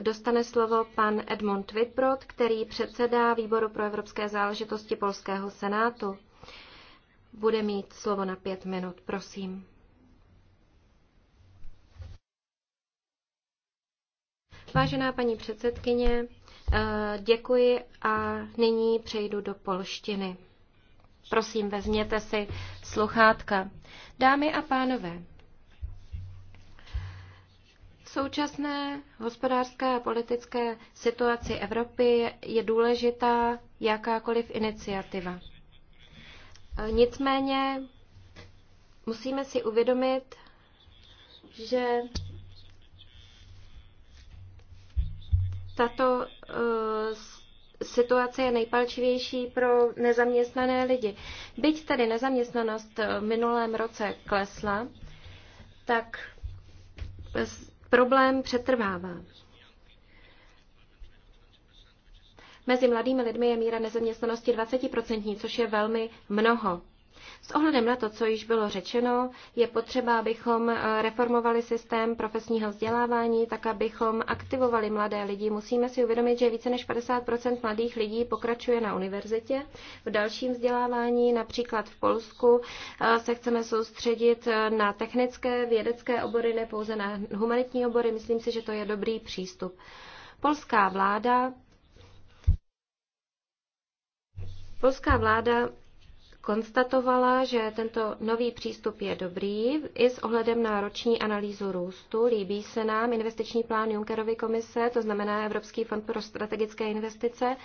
dostane slovo pan Edmund Vitprot, který předsedá výboru pro evropské záležitosti Polského senátu. Bude mít slovo na pět minut, prosím. Vážená paní předsedkyně, eh, děkuji a nyní přejdu do polštiny. Prosím, vezměte si sluchátka. Dámy a pánové, v současné hospodářské a politické situaci Evropy je důležitá jakákoliv iniciativa. Nicméně musíme si uvědomit, že tato eh, situace je nejpalčivější pro nezaměstnané lidi. Byť tedy nezaměstnanost v minulém roce klesla, tak problém přetrvává. Mezi mladými lidmi je míra nezaměstnanosti 20%, což je velmi mnoho. S ohledem na to, co již bylo řečeno, je potřeba, abychom eh, reformovali systém profesního vzdělávání, tak abychom aktivovali mladé lidi. Musíme si uvědomit, že více než 50 mladých lidí pokračuje na univerzitě v dalším vzdělávání. Například v Polsku eh, se chceme soustředit eh, na technické vědecké obory, ne pouze na humanitní obory. Myslím si, že to je dobrý přístup. Polská vláda Polská vláda konstatovala, že tento nový přístup je dobrý i s ohledem na roční analýzu růstu. Líbí se nám investiční plán Junckerovy komise, to znamená Evropský fond pro strategické investice.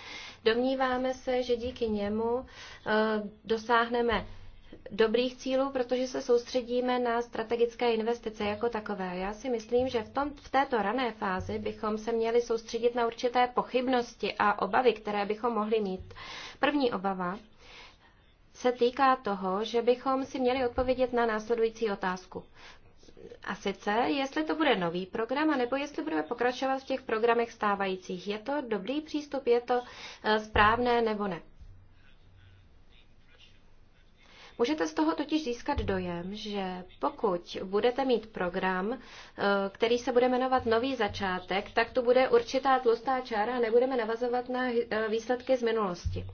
Domníváme se, že díky němu eh, dosáhneme dobrých cílů, protože se soustředíme na strategické investice jako takové. Já si myslím, že v, tom, v této rané fázi bychom se měli soustředit na určité pochybnosti a obavy, které bychom mohli mít. První obava se týká toho, že bychom si měli odpovědět na následující otázku. A sice, jestli to bude nový program, nebo jestli budeme pokračovat v těch programech stávajících. Je to dobrý přístup, je to eh, správné nebo ne? Můžete z toho totiž získat dojem, že pokud budete mít program, eh, který se bude jmenovat Nový začátek, tak tu bude určitá tlustá čára a nebudeme navazovat na eh, výsledky z minulosti.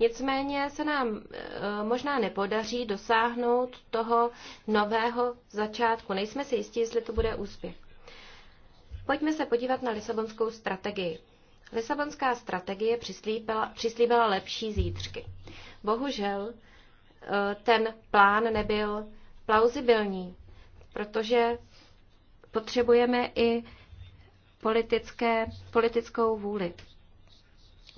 Nicméně se nám eh, možná nepodaří dosáhnout toho nového začátku. Nejsme si jistí, jestli to bude úspěch. Pojďme se podívat na Lisabonskou strategii. Lisabonská strategie přislíbila, přislíbila lepší zítřky. Bohužel eh, ten plán nebyl plauzibilní, protože potřebujeme i politické, politickou vůli.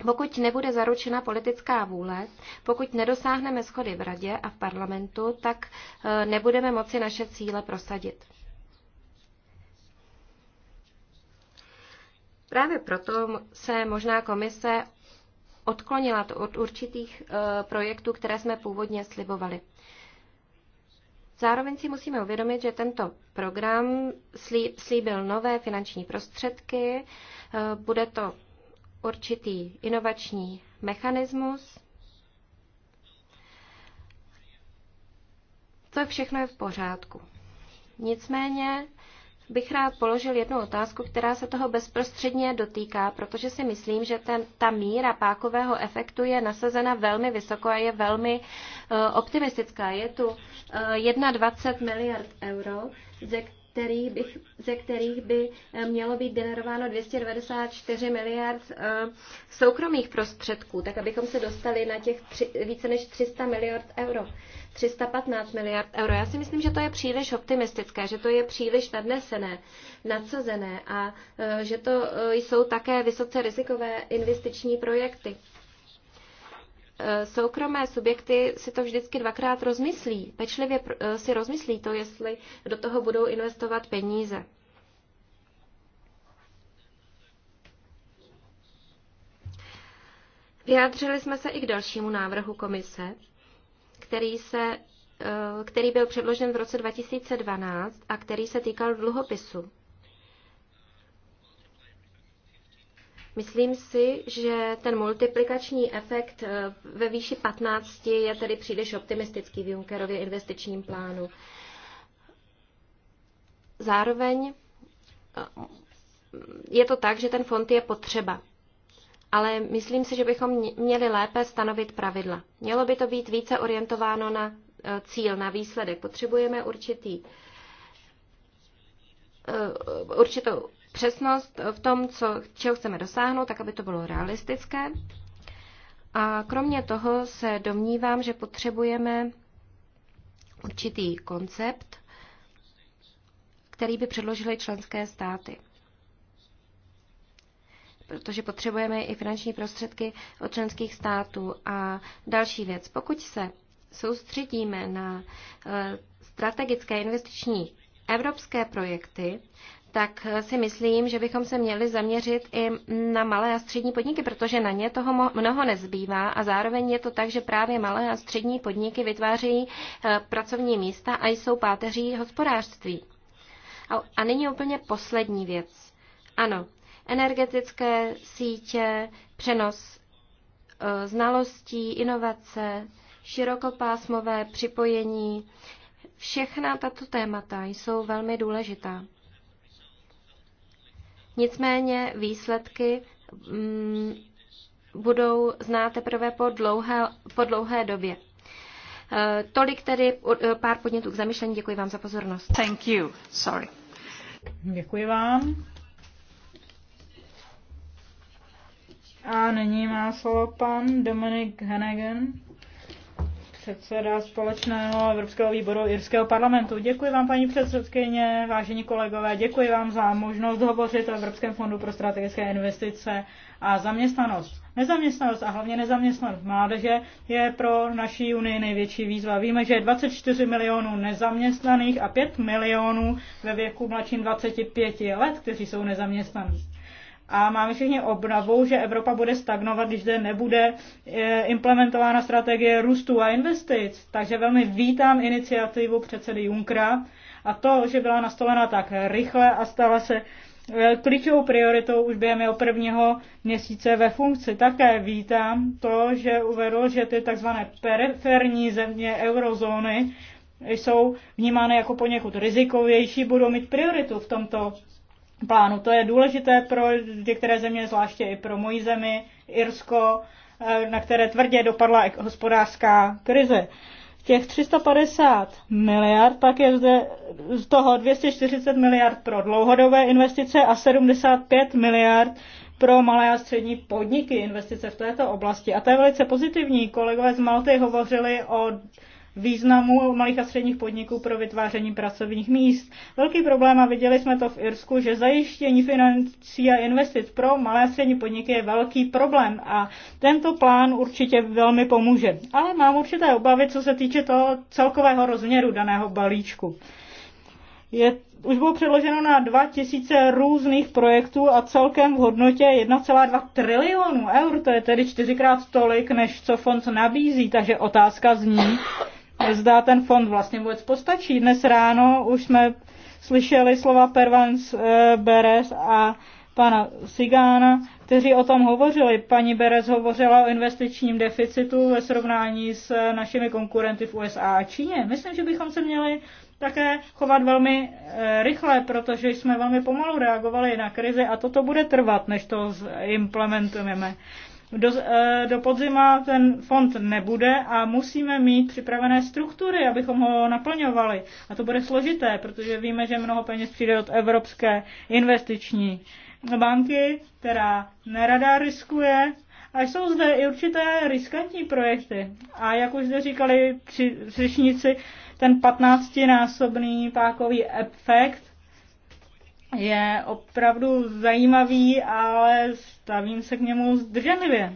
Pokud nebude zaručena politická vůle, pokud nedosáhneme schody v radě a v parlamentu, tak eh, nebudeme moci naše cíle prosadit. Právě proto se možná komise odklonila od určitých eh, projektů, které jsme původně slibovali. Zároveň si musíme uvědomit, že tento program slíbil nové finanční prostředky, eh, bude to určitý inovační mechanismus. To všechno je v pořádku. Nicméně bych rád položil jednu otázku, která se toho bezprostředně dotýká, protože si myslím, že ten, ta míra pákového efektu je nasazena velmi vysoko a je velmi uh, optimistická. Je tu uh, eh, 21 miliard euro, ze kterých bych, ze kterých by eh, mělo být generováno 294 miliard eh, soukromých prostředků, tak abychom se dostali na těch tři, více než 300 miliard euro. 315 miliard euro. Já si myslím, že to je příliš optimistické, že to je příliš nadnesené, nadsazené a eh, že to jsou také vysoce rizikové investiční projekty. Eh, soukromé subjekty si to vždycky dvakrát rozmyslí, pečlivě eh, si rozmyslí to, jestli do toho budou investovat peníze. Vyjádřili jsme se i k dalšímu návrhu komise, který, se, eh, který byl předložen v roce 2012 a který se týkal dluhopisu. Myslím si, že ten multiplikační efekt eh, ve výši 15 je tedy příliš optimistický v Junckerově investičním plánu. Zároveň eh, je to tak, že ten fond je potřeba. Ale myslím si, že bychom měli lépe stanovit pravidla. Mělo by to být více orientováno na eh, cíl, na výsledek. Potřebujeme určitý určitou přesnost v tom, co, čeho chceme dosáhnout, tak aby to bylo realistické. A kromě toho se domnívám, že potřebujeme určitý koncept, který by předložily členské státy. Protože potřebujeme i finanční prostředky od členských států. A další věc, pokud se soustředíme na eh, strategické investiční evropské projekty, tak si myslím, že bychom se měli zaměřit i na malé a střední podniky, protože na ně toho mnoho nezbývá a zároveň je to tak, že právě malé a střední podniky vytvářejí eh, pracovní místa a jsou páteří hospodářství. A nyní úplně poslední věc. Ano, energetické sítě, přenos eh, znalostí, inovace, širokopásmové připojení, všechna tato témata jsou velmi důležitá. Nicméně výsledky mm, budou znát teprve po dlouhé, po dlouhé době. E, tolik tedy e, pár podnětů k zamišlení. Děkuji vám za pozornost. Thank you. Sorry. Děkuji vám. A nyní má slovo pan Dominik Hennigan předseda společného Evropského výboru Irského parlamentu. Děkuji vám, paní předsedkyně, vážení kolegové, děkuji vám za možnost hovořit o Evropském fondu pro strategické investice a zaměstnanost. Nezaměstnanost a hlavně nezaměstnanost mládeže je pro naší unii největší výzva. Víme, že je 24 milionů nezaměstnaných a 5 milionů ve věku mladším 25 let, kteří jsou nezaměstnaní a máme všichni obnavu, že Evropa bude stagnovat, když zde nebude e, implementována strategie růstu a investic. Takže velmi vítám iniciativu předsedy Junkra a to, že byla nastolena tak rychle a stala se e, klíčovou prioritou už během jeho prvního měsíce ve funkci. Také vítám to, že uvedl, že ty tzv. periferní země eurozóny jsou vnímány jako poněkud rizikovější, budou mít prioritu v tomto plánu. To je důležité pro některé země, zvláště i pro moji zemi, Irsko, eh, na které tvrdě dopadla hospodářská krize. Těch 350 miliard, pak je zde z toho 240 miliard pro dlouhodobé investice a 75 miliard pro malé a střední podniky investice v této oblasti. A to je velice pozitivní. Kolegové z Malty hovořili o významu malých a středních podniků pro vytváření pracovních míst. Velký problém, a viděli jsme to v Irsku, že zajištění financí a investic pro malé a střední podniky je velký problém a tento plán určitě velmi pomůže. Ale mám určité obavy, co se týče toho celkového rozměru daného balíčku. Je, už bylo předloženo na 2000 různých projektů a celkem v hodnotě 1,2 trilionu eur, to je tedy čtyřikrát tolik, než co fond nabízí, takže otázka zní, zda ten fond vlastně vůbec postačí. Dnes ráno už jsme slyšeli slova Pervans eh, Beres a pana Sigána, kteří o tom hovořili. Paní Beres hovořila o investičním deficitu ve srovnání s eh, našimi konkurenty v USA a Číně. Myslím, že bychom se měli také chovat velmi eh, rychle, protože jsme velmi pomalu reagovali na krizi a toto bude trvat, než to implementujeme do, eh, do podzima ten fond nebude a musíme mít připravené struktury, abychom ho naplňovali. A to bude složité, protože víme, že mnoho peněz přijde od Evropské investiční banky, která nerada riskuje. A jsou zde i určité riskantní projekty. A jak už zde říkali řečníci, ten 15-násobný pákový efekt je opravdu zajímavý, ale stavím se k němu zdrženlivě.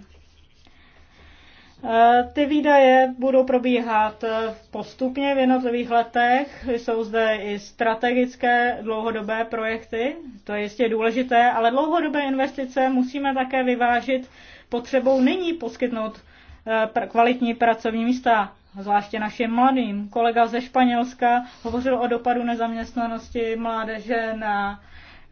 E, ty výdaje budou probíhat postupně v jednotlivých letech. Jsou zde i strategické dlouhodobé projekty, to je jistě důležité, ale dlouhodobé investice musíme také vyvážit potřebou nyní poskytnout e, kvalitní pracovní místa zvláště našim mladým. Kolega ze Španělska hovořil o dopadu nezaměstnanosti mládeže na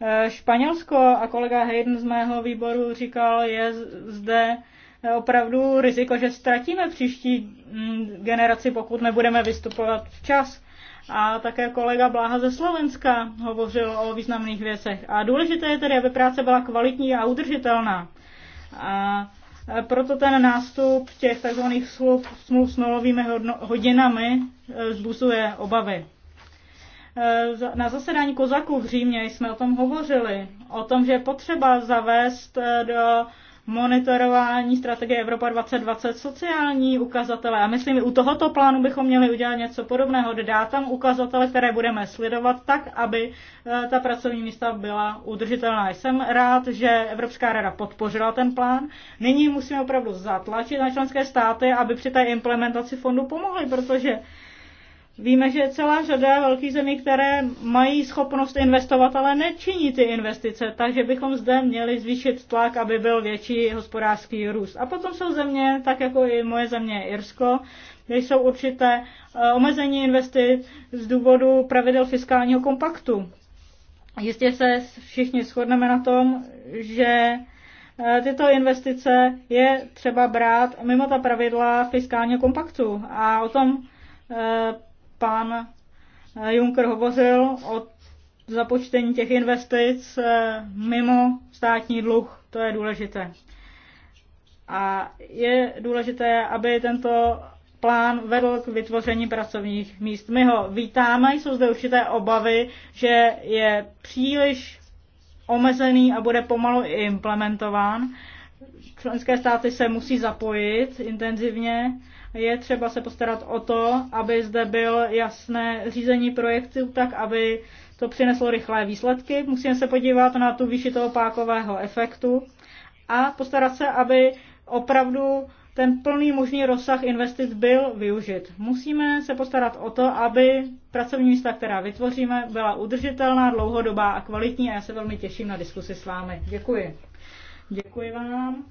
eh, Španělsko a kolega Hayden z mého výboru říkal, je zde eh, opravdu riziko, že ztratíme příští mm, generaci, pokud nebudeme vystupovat včas. A také kolega Bláha ze Slovenska hovořil o významných věcech. A důležité je tedy, aby práce byla kvalitní a udržitelná. A Eh, proto ten nástup těch tzv. smluv, smluv s nulovými hodinami eh, zbuzuje obavy. Eh, na zasedání Kozaku v Římě jsme o tom hovořili, o tom, že je potřeba zavést do monitorování strategie Evropa 2020, sociální ukazatele. A myslím, u tohoto plánu bychom měli udělat něco podobného, dát tam ukazatele, které budeme sledovat tak, aby eh, ta pracovní místa byla udržitelná. Jsem rád, že Evropská rada podpořila ten plán. Nyní musíme opravdu zatlačit na členské státy, aby při té implementaci fondu pomohly, protože Víme, že je celá řada velkých zemí, které mají schopnost investovat, ale nečiní ty investice, takže bychom zde měli zvýšit tlak, aby byl větší hospodářský růst. A potom jsou země, tak jako i moje země Irsko, kde jsou určité eh, omezení investic z důvodu pravidel fiskálního kompaktu. Jistě se všichni shodneme na tom, že eh, tyto investice je třeba brát mimo ta pravidla fiskálního kompaktu. A o tom eh, pan eh, Juncker hovořil o započtení těch investic eh, mimo státní dluh. To je důležité. A je důležité, aby tento plán vedl k vytvoření pracovních míst. My ho vítáme, jsou zde určité obavy, že je příliš omezený a bude pomalu implementován. Členské státy se musí zapojit intenzivně je třeba se postarat o to, aby zde byl jasné řízení projektu tak, aby to přineslo rychlé výsledky. Musíme se podívat na tu výši toho pákového efektu a postarat se, aby opravdu ten plný možný rozsah investic byl využit. Musíme se postarat o to, aby pracovní místa, která vytvoříme, byla udržitelná, dlouhodobá a kvalitní a já se velmi těším na diskusi s vámi. Děkuji. Děkuji vám.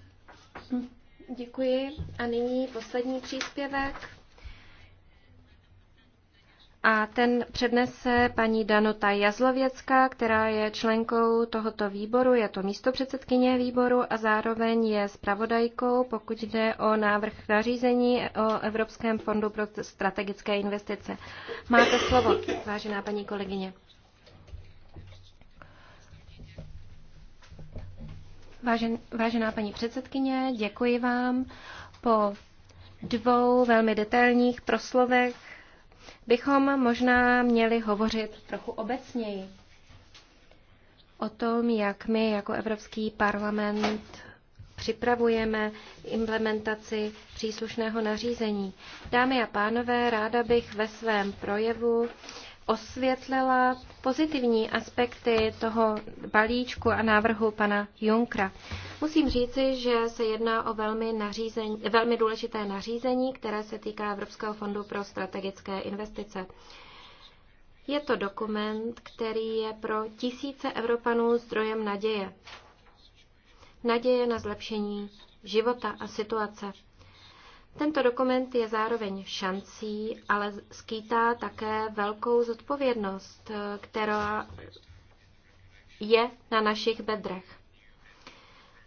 Děkuji. A nyní poslední příspěvek. A ten přednese paní Danuta Jazlověcká, která je členkou tohoto výboru, je to místopředsedkyně výboru a zároveň je zpravodajkou, pokud jde o návrh nařízení o Evropském fondu pro strategické investice. Máte slovo, vážená paní kolegyně. Vážen, vážená paní předsedkyně, děkuji vám. Po dvou velmi detailních proslovech bychom možná měli hovořit trochu obecněji o tom, jak my jako Evropský parlament připravujeme implementaci příslušného nařízení. Dámy a pánové, ráda bych ve svém projevu osvětlila pozitivní aspekty toho balíčku a návrhu pana Junkra. Musím říci, že se jedná o velmi, nařízení, velmi důležité nařízení, které se týká Evropského fondu pro strategické investice. Je to dokument, který je pro tisíce Evropanů zdrojem naděje. Naděje na zlepšení života a situace. Tento dokument je zároveň šancí, ale skýtá také velkou zodpovědnost, eh, která je na našich bedrech.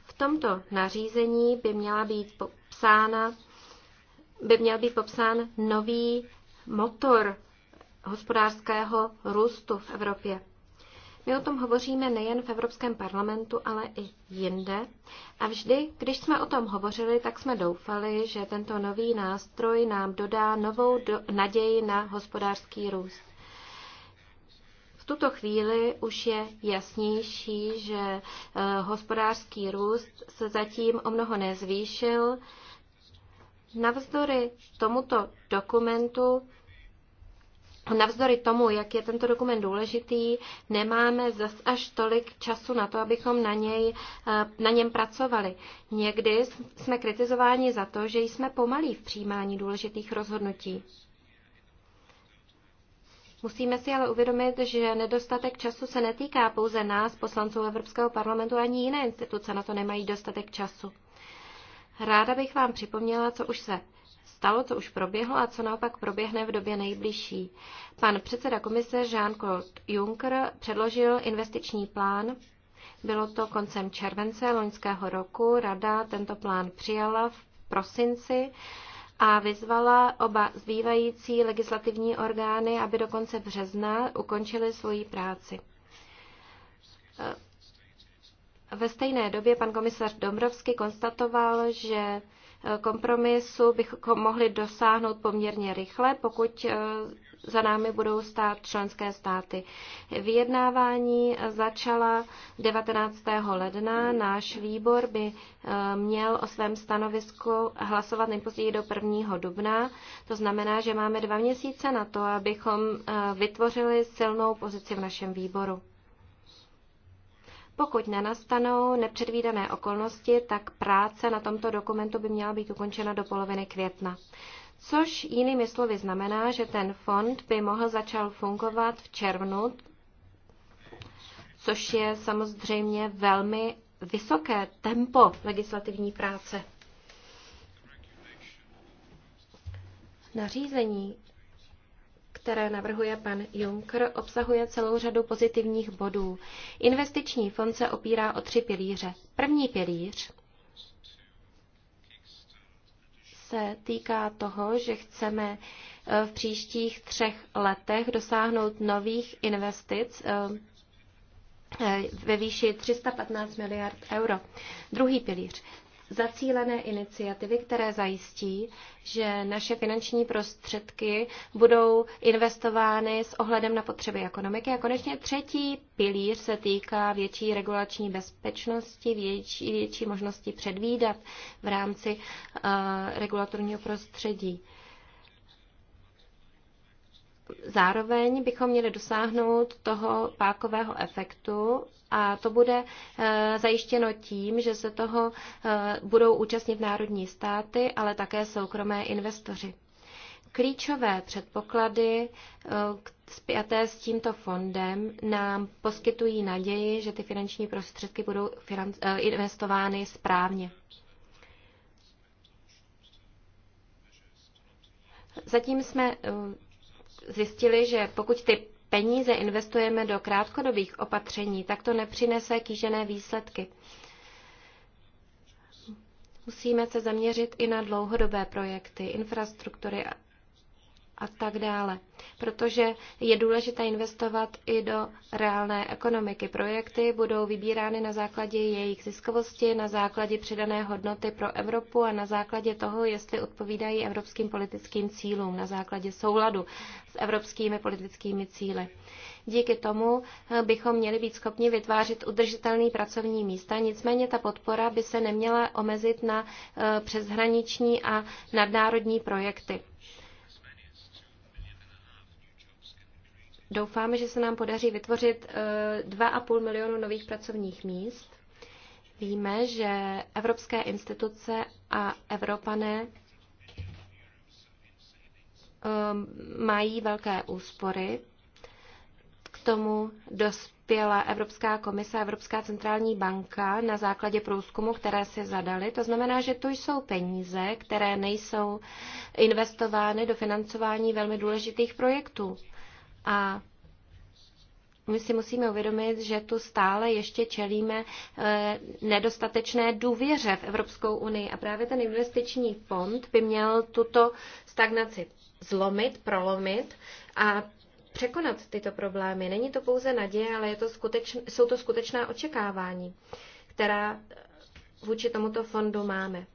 V tomto nařízení by, měla být popsána, by měl být popsán nový motor hospodářského růstu v Evropě. My o tom hovoříme nejen v Evropském parlamentu, ale i jinde. A vždy, když jsme o tom hovořili, tak jsme doufali, že tento nový nástroj nám dodá novou do- naději na hospodářský růst. V tuto chvíli už je jasnější, že eh, hospodářský růst se zatím o mnoho nezvýšil. Navzdory tomuto dokumentu Navzdory tomu, jak je tento dokument důležitý, nemáme zas až tolik času na to, abychom na, něj, eh, na něm pracovali. Někdy jsme kritizováni za to, že jsme pomalí v přijímání důležitých rozhodnutí. Musíme si ale uvědomit, že nedostatek času se netýká pouze nás, poslanců Evropského parlamentu, ani jiné instituce na to nemají dostatek času. Ráda bych vám připomněla, co už se stalo, co už proběhlo a co naopak proběhne v době nejbližší. Pan předseda komise Jean-Claude Juncker předložil investiční plán. Bylo to koncem července loňského roku. Rada tento plán přijala v prosinci a vyzvala oba zbývající legislativní orgány, aby do konce března ukončili svoji práci. Ve stejné době pan komisař Dombrovsky konstatoval, že kompromisu bychom mohli dosáhnout poměrně rychle, pokud eh, za námi budou stát členské státy. Vyjednávání začala 19. ledna. Náš výbor by eh, měl o svém stanovisku hlasovat nejpozději do 1. dubna. To znamená, že máme dva měsíce na to, abychom eh, vytvořili silnou pozici v našem výboru. Pokud nenastanou nepředvídané okolnosti, tak práce na tomto dokumentu by měla být ukončena do poloviny května. Což jinými slovy znamená, že ten fond by mohl začal fungovat v červnu, což je samozřejmě velmi vysoké tempo legislativní práce. Nařízení, které navrhuje pan Juncker, obsahuje celou řadu pozitivních bodů. Investiční fond se opírá o tři pilíře. První pilíř se týká toho, že chceme eh, v příštích třech letech dosáhnout nových investic eh, eh, ve výši 315 miliard euro. Druhý pilíř zacílené iniciativy, které zajistí, že naše finanční prostředky budou investovány s ohledem na potřeby ekonomiky. A konečně třetí pilíř se týká větší regulační bezpečnosti, větší, větší možnosti předvídat v rámci uh, regulatorního prostředí. Zároveň bychom měli dosáhnout toho pákového efektu a to bude eh, zajištěno tím, že se toho eh, budou účastnit národní státy, ale také soukromé investoři. Klíčové předpoklady zpěté eh, s tímto fondem nám poskytují naději, že ty finanční prostředky budou investovány správně. Zatím jsme zjistili, že pokud ty peníze investujeme do krátkodobých opatření, tak to nepřinese kýžené výsledky. Musíme se zaměřit i na dlouhodobé projekty, infrastruktury, a tak dále. Protože je důležité investovat i do reálné ekonomiky. Projekty budou vybírány na základě jejich ziskovosti, na základě přidané hodnoty pro Evropu a na základě toho, jestli odpovídají evropským politickým cílům, na základě souladu s evropskými politickými cíly. Díky tomu eh, bychom měli být schopni vytvářet udržitelný pracovní místa, nicméně ta podpora by se neměla omezit na eh, přeshraniční a nadnárodní projekty. Doufáme, že se nám podaří vytvořit 2,5 eh, milionu nových pracovních míst. Víme, že evropské instituce a Evropané eh, mají velké úspory. K tomu dospěla Evropská komise a Evropská centrální banka na základě průzkumu, které si zadali. To znamená, že tu jsou peníze, které nejsou investovány do financování velmi důležitých projektů. A my si musíme uvědomit, že tu stále ještě čelíme eh, nedostatečné důvěře v Evropskou unii a právě ten investiční fond by měl tuto stagnaci zlomit, prolomit a překonat tyto problémy. Není to pouze naděje, ale je to skuteč, jsou to skutečná očekávání, která vůči tomuto fondu máme.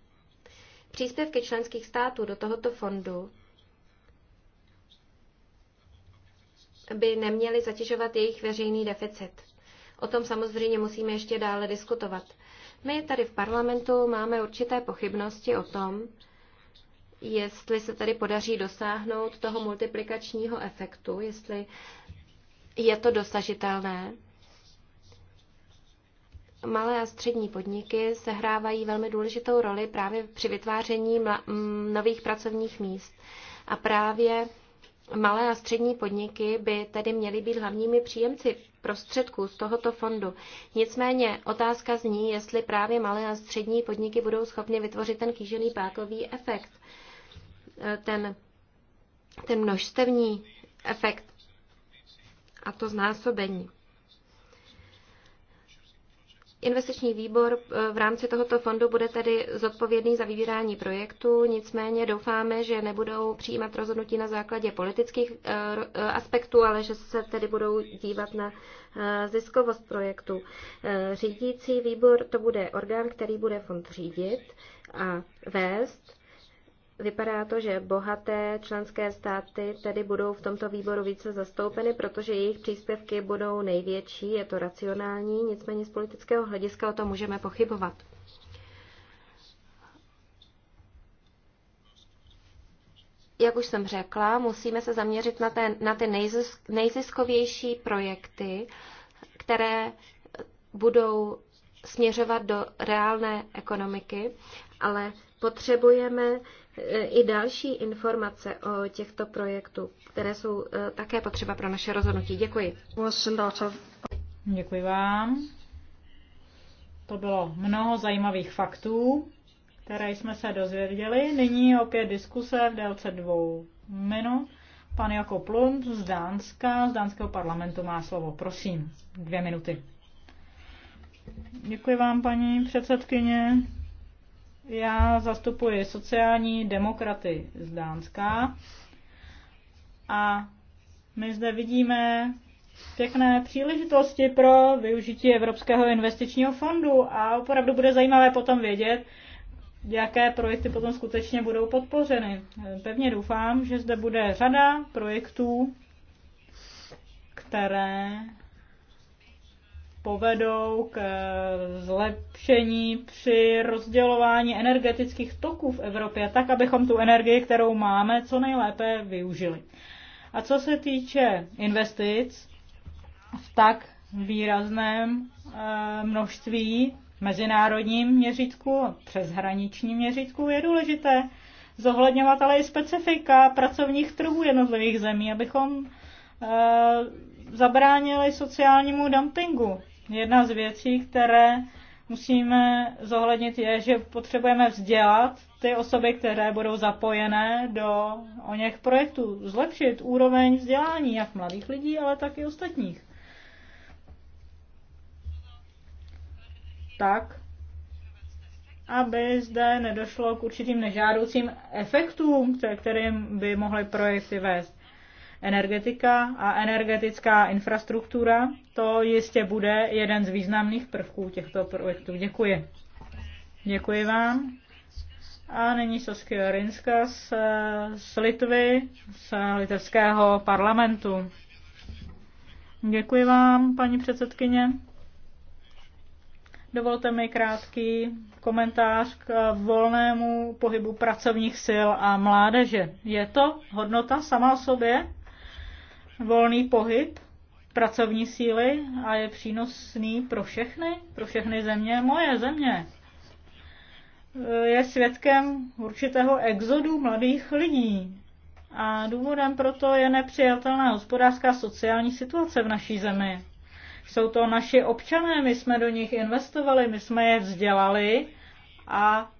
Příspěvky členských států do tohoto fondu by neměly zatěžovat jejich veřejný deficit. O tom samozřejmě musíme ještě dále diskutovat. My tady v parlamentu máme určité pochybnosti o tom, jestli se tady podaří dosáhnout toho multiplikačního efektu, jestli je to dosažitelné. Malé a střední podniky sehrávají velmi důležitou roli právě při vytváření nových pracovních míst. A právě Malé a střední podniky by tedy měly být hlavními příjemci prostředků z tohoto fondu. Nicméně otázka zní, jestli právě malé a střední podniky budou schopny vytvořit ten kýžený pákový efekt, e, ten, ten množstevní efekt a to znásobení. Investiční výbor eh, v rámci tohoto fondu bude tedy zodpovědný za vybírání projektů, nicméně doufáme, že nebudou přijímat rozhodnutí na základě politických eh, eh, aspektů, ale že se tedy budou dívat na ziskovost projektu. Řídící výbor to bude orgán, který bude fond řídit a vést. Vypadá to, že bohaté členské státy tedy budou v tomto výboru více zastoupeny, protože jejich příspěvky budou největší, je to racionální, nicméně z politického hlediska o tom můžeme pochybovat. Jak už jsem řekla, musíme se zaměřit na, ten, na ty nejzisk, nejziskovější projekty, které budou směřovat do reálné ekonomiky ale potřebujeme e, i další informace o těchto projektu, které jsou e, také potřeba pro naše rozhodnutí. Děkuji. Děkuji vám. To bylo mnoho zajímavých faktů, které jsme se dozvěděli. Nyní opět diskuse v délce dvou minut. Pan Jako Plund z Dánska, z Dánského parlamentu má slovo. Prosím, dvě minuty. Děkuji vám, paní předsedkyně. Já zastupuji sociální demokraty z Dánska a my zde vidíme pěkné příležitosti pro využití Evropského investičního fondu a opravdu bude zajímavé potom vědět, jaké projekty potom skutečně budou podpořeny. Pevně doufám, že zde bude řada projektů, které povedou k eh, zlepšení při rozdělování energetických toků v Evropě, tak abychom tu energii, kterou máme, co nejlépe využili. A co se týče investic v tak výrazném eh, množství mezinárodním měřítku a přeshraničním měřítku, je důležité zohledňovat ale i specifika pracovních trhů jednotlivých zemí, abychom eh, zabránili sociálnímu dumpingu. Jedna z věcí, které musíme zohlednit, je, že potřebujeme vzdělat ty osoby, které budou zapojené do o něch projektů, zlepšit úroveň vzdělání jak mladých lidí, ale tak i ostatních. Tak, aby zde nedošlo k určitým nežádoucím efektům, kterým by mohly projekty vést energetika a energetická infrastruktura. To jistě bude jeden z významných prvků těchto projektů. Děkuji. Děkuji vám. A nyní Saskia Rinska z, eh, z Litvy, z litevského parlamentu. Děkuji vám, paní předsedkyně. Dovolte mi krátký komentář k volnému pohybu pracovních sil a mládeže. Je to hodnota sama o sobě? volný pohyb pracovní síly a je přínosný pro všechny, pro všechny země. Moje země je svědkem určitého exodu mladých lidí. A důvodem proto je nepřijatelná hospodářská sociální situace v naší zemi. Jsou to naši občané, my jsme do nich investovali, my jsme je vzdělali a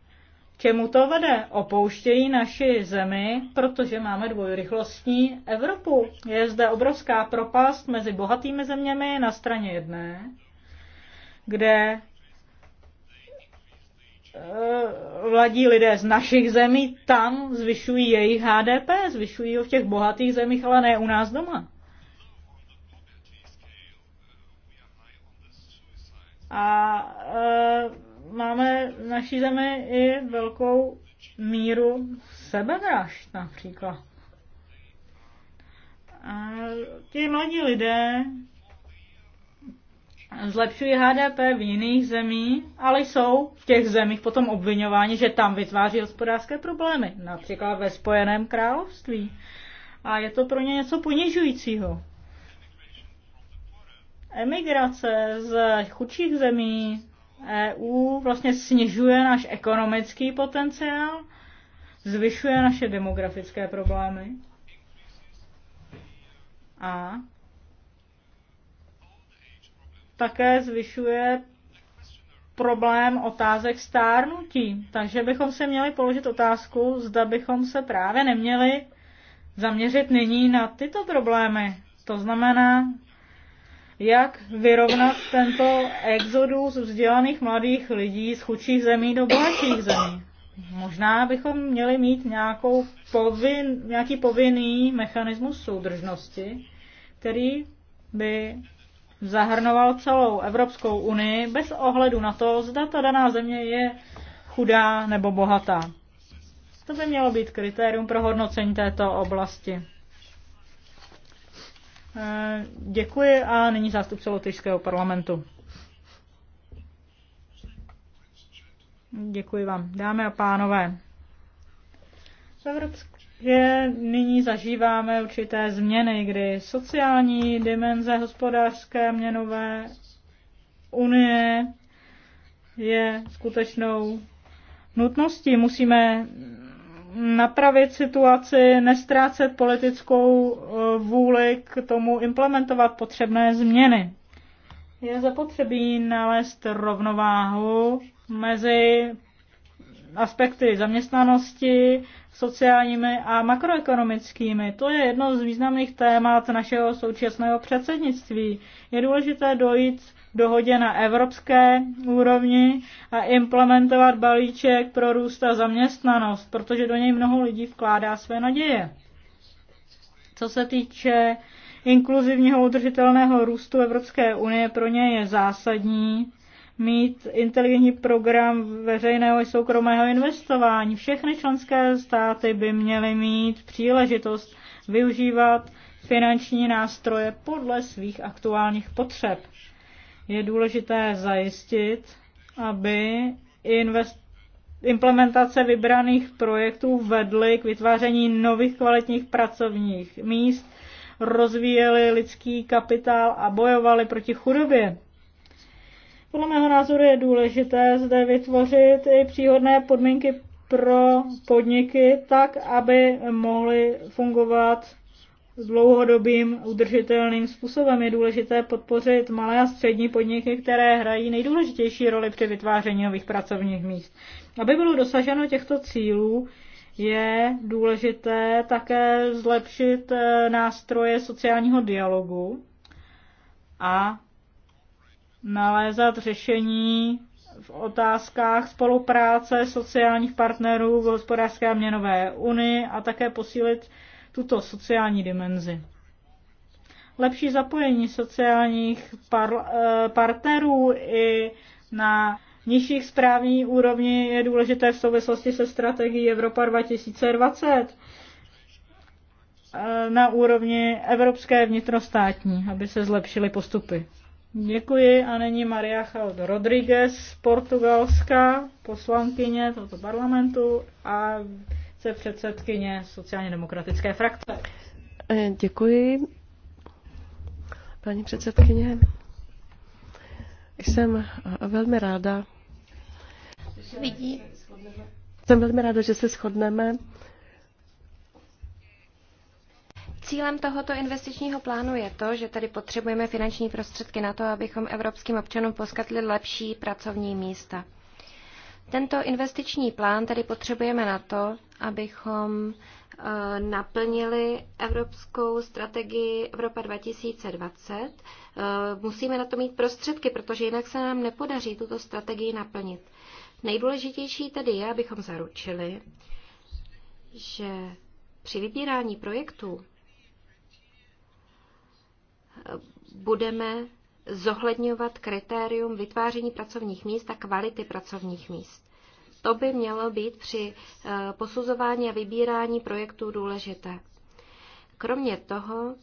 čemu to vede? Opouštějí naši zemi, protože máme dvojrychlostní Evropu. Je zde obrovská propast mezi bohatými zeměmi na straně jedné, kde vladí eh, lidé z našich zemí, tam zvyšují jejich HDP, zvyšují ho v těch bohatých zemích, ale ne u nás doma. A eh, máme v naší zemi i velkou míru sebevražd například. A ti mladí lidé zlepšují HDP v jiných zemích, ale jsou v těch zemích potom obvinováni, že tam vytváří hospodářské problémy, například ve Spojeném království. A je to pro ně něco ponižujícího. Emigrace z chudších zemí EU vlastně snižuje náš ekonomický potenciál, zvyšuje naše demografické problémy a také zvyšuje problém otázek stárnutí. Takže bychom se měli položit otázku, zda bychom se právě neměli zaměřit nyní na tyto problémy. To znamená jak vyrovnat tento exodus vzdělaných mladých lidí z chudších zemí do bohatších zemí. Možná bychom měli mít nějakou povin, nějaký povinný mechanismus soudržnosti, který by zahrnoval celou Evropskou unii bez ohledu na to, zda ta daná země je chudá nebo bohatá. To by mělo být kritérium pro hodnocení této oblasti. Eh, děkuji a nyní zástupce Lotyšského parlamentu. Děkuji vám. Dámy a pánové, v Evropské nyní zažíváme určité změny, kdy sociální dimenze hospodářské měnové unie je skutečnou nutností. Musíme napravit situaci, nestrácet politickou eh, vůli k tomu implementovat potřebné změny. Je zapotřebí nalézt rovnováhu mezi aspekty zaměstnanosti, sociálními a makroekonomickými. To je jedno z významných témat našeho současného předsednictví. Je důležité dojít dohodě na evropské úrovni a implementovat balíček pro růst a zaměstnanost, protože do něj mnoho lidí vkládá své naděje. Co se týče inkluzivního udržitelného růstu Evropské unie, pro ně je zásadní, mít inteligentní program veřejného i soukromého investování. Všechny členské státy by měly mít příležitost využívat finanční nástroje podle svých aktuálních potřeb. Je důležité zajistit, aby invest- implementace vybraných projektů vedly k vytváření nových kvalitních pracovních míst, rozvíjeli lidský kapitál a bojovali proti chudobě. Podle mého názoru je důležité zde vytvořit i příhodné podmínky pro podniky tak, aby mohly fungovat dlouhodobým udržitelným způsobem. Je důležité podpořit malé a střední podniky, které hrají nejdůležitější roli při vytváření nových pracovních míst. Aby bylo dosaženo těchto cílů, je důležité také zlepšit eh, nástroje sociálního dialogu a nalézat řešení v otázkách spolupráce sociálních partnerů v hospodářské a měnové unii a také posílit tuto sociální dimenzi. Lepší zapojení sociálních par- eh, partnerů i na nižších správní úrovni je důležité v souvislosti se strategií Evropa 2020 eh, na úrovni evropské vnitrostátní, aby se zlepšily postupy. Děkuji a není Maria Chaldo Rodriguez, portugalská poslankyně tohoto parlamentu a se předsedkyně sociálně demokratické frakce. Eh, děkuji, paní předsedkyně. Jsem eh, velmi ráda. Vidí. Jsem velmi ráda, že se shodneme Cílem tohoto investičního plánu je to, že tady potřebujeme finanční prostředky na to, abychom evropským občanům poskytli lepší pracovní místa. Tento investiční plán tedy potřebujeme na to, abychom eh, naplnili evropskou strategii Evropa 2020. Eh, musíme na to mít prostředky, protože jinak se nám nepodaří tuto strategii naplnit. Nejdůležitější tedy je, abychom zaručili, že při vybírání projektů budeme zohledňovat kritérium vytváření pracovních míst a kvality pracovních míst. To by mělo být při eh, posuzování a vybírání projektů důležité. Kromě toho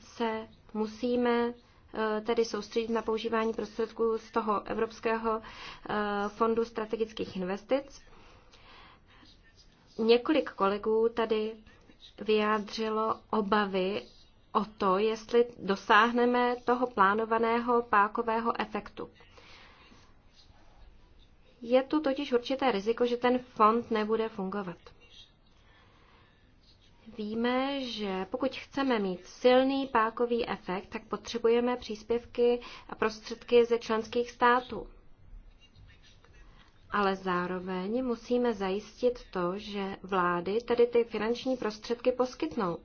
se musíme eh, tedy soustředit na používání prostředků z toho Evropského eh, fondu strategických investic. Několik kolegů tady vyjádřilo obavy o to, jestli dosáhneme toho plánovaného pákového efektu. Je tu totiž určité riziko, že ten fond nebude fungovat. Víme, že pokud chceme mít silný pákový efekt, tak potřebujeme příspěvky a prostředky ze členských států. Ale zároveň musíme zajistit to, že vlády tedy ty finanční prostředky poskytnou.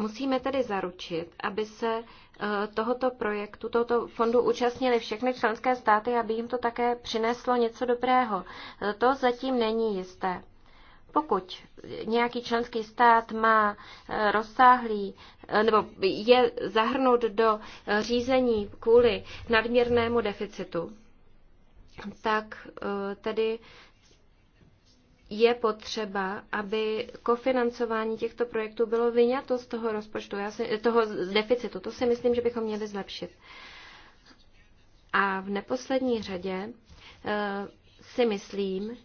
Musíme tedy zaručit, aby se eh, tohoto projektu, tohoto fondu účastnili všechny členské státy, aby jim to také přineslo něco dobrého. Eh, to zatím není jisté. Pokud nějaký členský stát má eh, rozsáhlý nebo je zahrnut do řízení kvůli nadměrnému deficitu, tak tedy je potřeba, aby kofinancování těchto projektů bylo vyňato z toho rozpočtu, já si, toho deficitu. To si myslím, že bychom měli zlepšit. A v neposlední řadě eh, si myslím,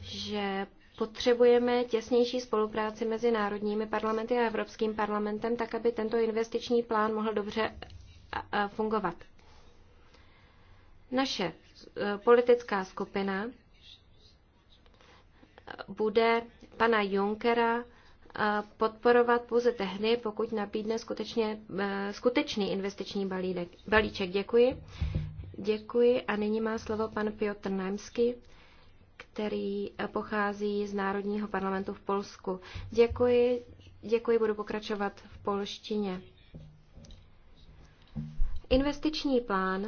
že potřebujeme těsnější spolupráci mezi národními parlamenty a Evropským parlamentem, tak aby tento investiční plán mohl dobře eh, eh, fungovat. Naše politická skupina bude pana Junckera eh, podporovat pouze tehdy, pokud nabídne skutečně, eh, skutečný investiční balíček. balíček. Děkuji. Děkuji a nyní má slovo pan Piotr Nemsky, který eh, pochází z Národního parlamentu v Polsku. Děkuji, děkuji, budu pokračovat v polštině. Investiční plán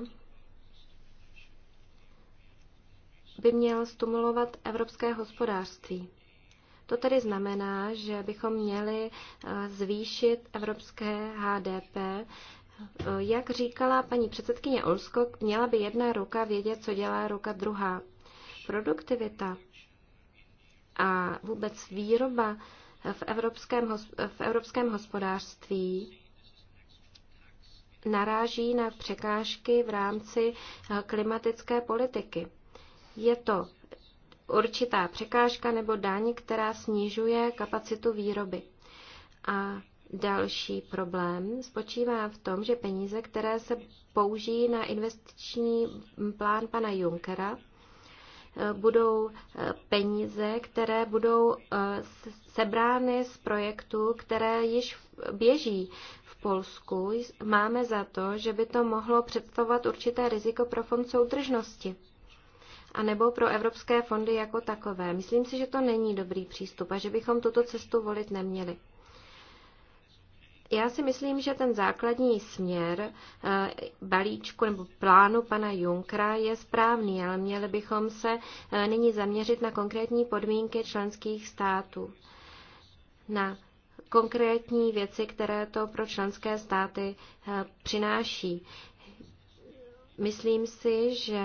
by měl stimulovat evropské hospodářství. To tedy znamená, že bychom měli eh, zvýšit evropské HDP. Eh, jak říkala paní předsedkyně Olskok, měla by jedna ruka vědět, co dělá ruka druhá. Produktivita a vůbec výroba v evropském, v evropském hospodářství naráží na překážky v rámci eh, klimatické politiky. Je to určitá překážka nebo daň, která snižuje kapacitu výroby. A další problém spočívá v tom, že peníze, které se použijí na investiční plán pana Junkera, budou eh, peníze, které budou eh, sebrány z projektů, které již běží v Polsku. Máme za to, že by to mohlo představovat určité riziko pro fond soudržnosti anebo pro evropské fondy jako takové. Myslím si, že to není dobrý přístup a že bychom tuto cestu volit neměli. Já si myslím, že ten základní směr eh, balíčku nebo plánu pana Junkra je správný, ale měli bychom se eh, nyní zaměřit na konkrétní podmínky členských států, na konkrétní věci, které to pro členské státy eh, přináší. Myslím si, že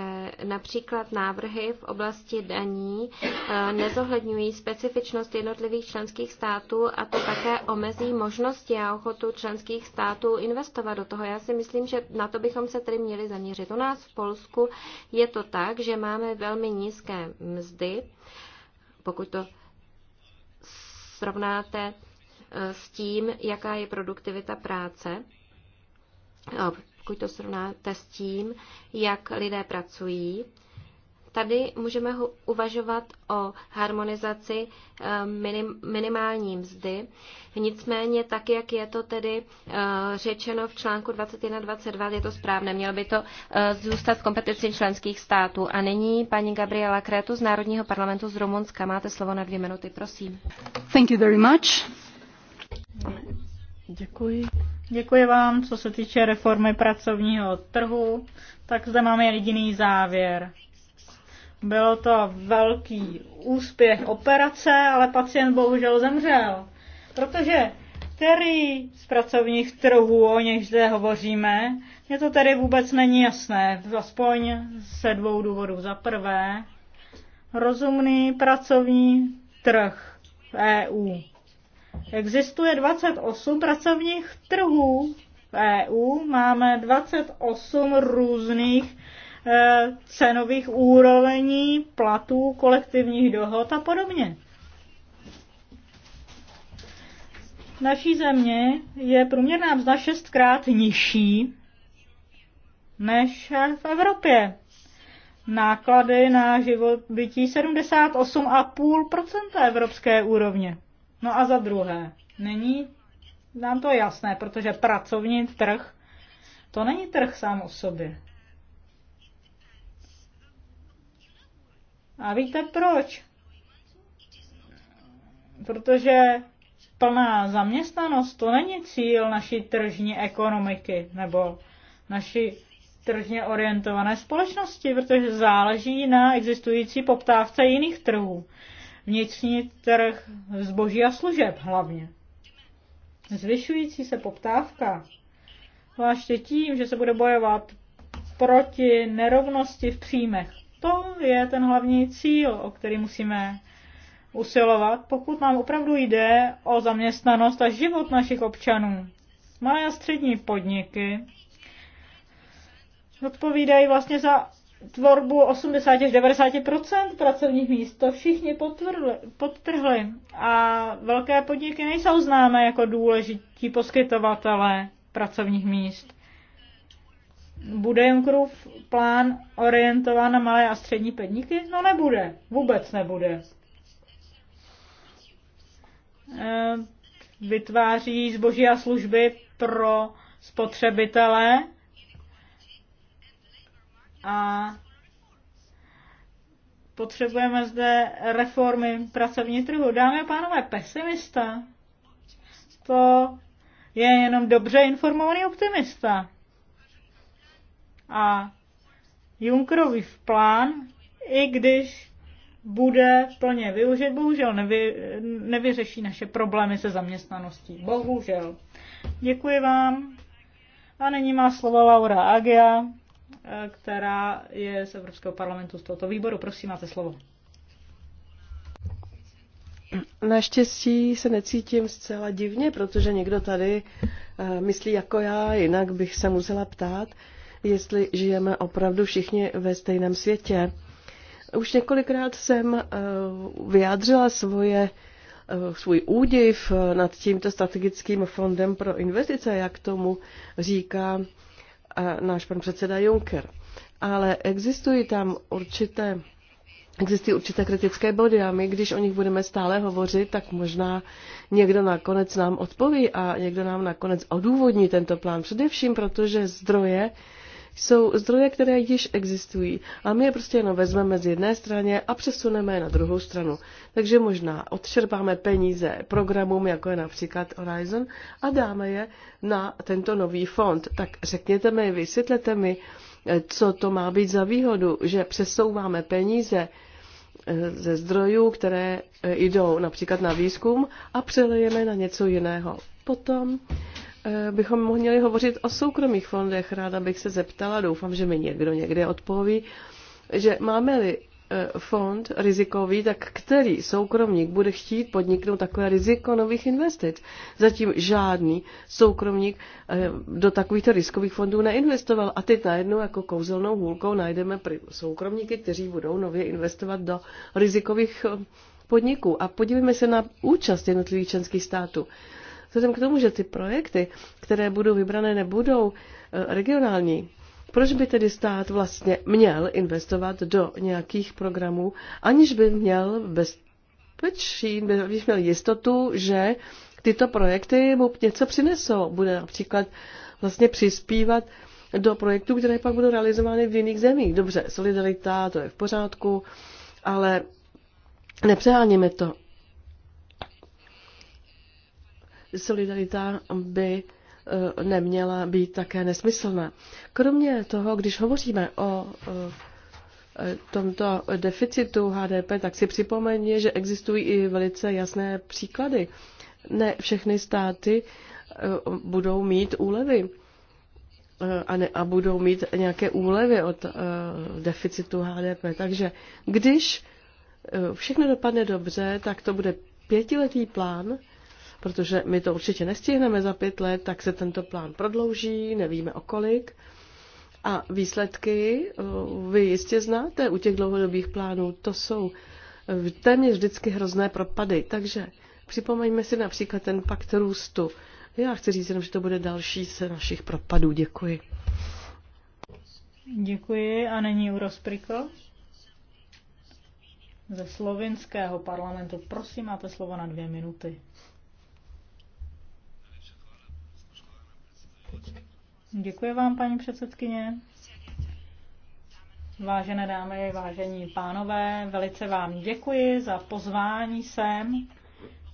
například návrhy v oblasti daní eh, nezohledňují specifičnost jednotlivých členských států a to také omezí možnosti a ochotu členských států investovat do toho. Já si myslím, že na to bychom se tedy měli zaměřit. U nás v Polsku je to tak, že máme velmi nízké mzdy, pokud to srovnáte eh, s tím, jaká je produktivita práce pokud to srovnáte s tím, jak lidé pracují. Tady můžeme uvažovat o harmonizaci eh, minim, minimální mzdy. Nicméně, tak jak je to tedy eh, řečeno v článku 21.22, je to správné. Mělo by to eh, zůstat v kompetenci členských států. A nyní paní Gabriela Kretu z Národního parlamentu z Rumunska. Máte slovo na dvě minuty, prosím. Thank you very much. Děkuji. Děkuji vám. Co se týče reformy pracovního trhu, tak zde máme jediný závěr. Bylo to velký úspěch operace, ale pacient bohužel zemřel. Protože který z pracovních trhů, o něž zde hovoříme, je to tedy vůbec není jasné, aspoň se dvou důvodů. Za prvé, rozumný pracovní trh v EU. Existuje 28 pracovních trhů v EU, máme 28 různých eh, cenových úrovní, platů, kolektivních dohod a podobně. V naší země je průměrná mzda šestkrát nižší než v Evropě. Náklady na život bytí 78,5 evropské úrovně. No a za druhé, není nám to jasné, protože pracovní trh to není trh sám o sobě. A víte proč? Protože plná zaměstnanost to není cíl naší tržní ekonomiky nebo naší tržně orientované společnosti, protože záleží na existující poptávce jiných trhů vnitřní trh zboží a služeb hlavně. Zvyšující se poptávka, zvláště tím, že se bude bojovat proti nerovnosti v příjmech. To je ten hlavní cíl, o který musíme usilovat, pokud nám opravdu jde o zaměstnanost a život našich občanů. Malé a střední podniky odpovídají vlastně za tvorbu 80 až 90 pracovních míst. To všichni podtrhli. A velké podniky nejsou známé jako důležití poskytovatelé pracovních míst. Bude Junckerův plán orientován na malé a střední podniky? No nebude. Vůbec nebude. E, vytváří zboží a služby pro spotřebitele, a potřebujeme zde reformy pracovní trhu. Dámy a pánové, pesimista to je jenom dobře informovaný optimista. A Junckerův plán, i když bude plně využit, bohužel nevy, nevyřeší naše problémy se zaměstnaností. Bohužel. Děkuji vám. A nyní má slovo Laura Agia která je z Evropského parlamentu z tohoto výboru. Prosím, máte slovo. Naštěstí se necítím zcela divně, protože někdo tady eh, myslí jako já, jinak bych se musela ptát, jestli žijeme opravdu všichni ve stejném světě. Už několikrát jsem eh, vyjádřila svoje, eh, svůj údiv nad tímto strategickým fondem pro investice, jak tomu říká náš pan předseda Juncker. Ale existují tam určité, existují určité kritické body a my, když o nich budeme stále hovořit, tak možná někdo nakonec nám odpoví a někdo nám nakonec odůvodní tento plán. Především protože zdroje jsou zdroje, které již existují a my je prostě jenom vezmeme z jedné strany a přesuneme je na druhou stranu. Takže možná odčerpáme peníze programům, jako je například Horizon, a dáme je na tento nový fond. Tak řekněte mi, vysvětlete mi, co to má být za výhodu, že přesouváme peníze eh, ze zdrojů, které eh, jdou například na výzkum a přelejeme na něco jiného. Potom Eh, bychom mohli hovořit o soukromých fondech. Ráda bych se zeptala, doufám, že mi někdo někde odpoví, že máme-li eh, fond rizikový, tak který soukromník bude chtít podniknout takové riziko nových investic. Zatím žádný soukromník eh, do takovýchto riskových fondů neinvestoval. A teď najednou jako kouzelnou hůlkou najdeme soukromníky, kteří budou nově investovat do rizikových podniků. A podívejme se na účast jednotlivých členských států. Vzhledem k tomu, že ty projekty, které budou vybrané, nebudou eh, regionální, proč by tedy stát vlastně měl investovat do nějakých programů, aniž by měl bezpečí, aniž měl jistotu, že tyto projekty mu něco přinesou. Bude například vlastně přispívat do projektů, které pak budou realizovány v jiných zemích. Dobře, solidarita, to je v pořádku, ale nepřeháníme to solidarita by eh, neměla být také nesmyslná. Kromě toho, když hovoříme o eh, tomto deficitu HDP, tak si připomeňme, že existují i velice jasné příklady. Ne všechny státy eh, budou mít úlevy a, ne, a budou mít nějaké úlevy od deficitu HDP. Takže když všechno dopadne dobře, tak to bude pětiletý plán, protože my to určitě nestihneme za pět let, tak se tento plán prodlouží, nevíme o kolik. A výsledky eh, vy jistě znáte u těch dlouhodobých plánů, to jsou téměř vždycky hrozné propady. Takže připomeňme si například ten pakt růstu. Já chci říct jenom, že to bude další z našich propadů. Děkuji. Děkuji a není u Priko ze slovinského parlamentu. Prosím, máte slovo na dvě minuty. Děkuji vám, paní předsedkyně. Vážené dámy, vážení pánové, velice vám děkuji za pozvání sem.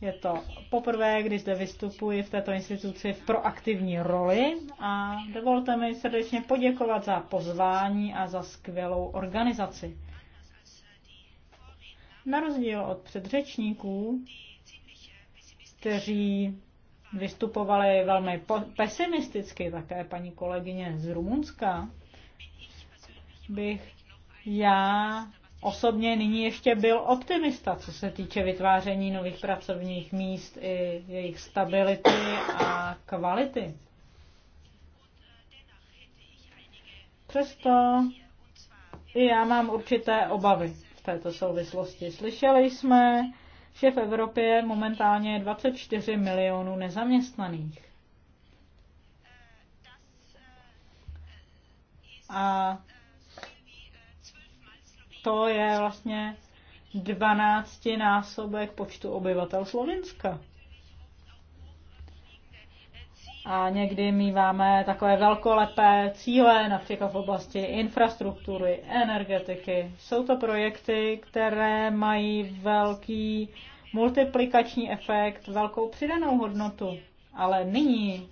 Je to poprvé, když zde vystupuji v této instituci v proaktivní roli a dovolte mi srdečně poděkovat za pozvání a za skvělou organizaci. Na rozdíl od předřečníků, kteří vystupovali velmi pesimisticky, také paní kolegyně z Rumunska, bych já osobně nyní ještě byl optimista, co se týče vytváření nových pracovních míst i jejich stability a kvality. Přesto i já mám určité obavy v této souvislosti. Slyšeli jsme, že v Evropě momentálně je 24 milionů nezaměstnaných. A to je vlastně 12 násobek počtu obyvatel Slovenska a někdy míváme takové velkolepé cíle, například v oblasti infrastruktury, energetiky. Jsou to projekty, které mají velký multiplikační efekt, velkou přidanou hodnotu. Ale nyní,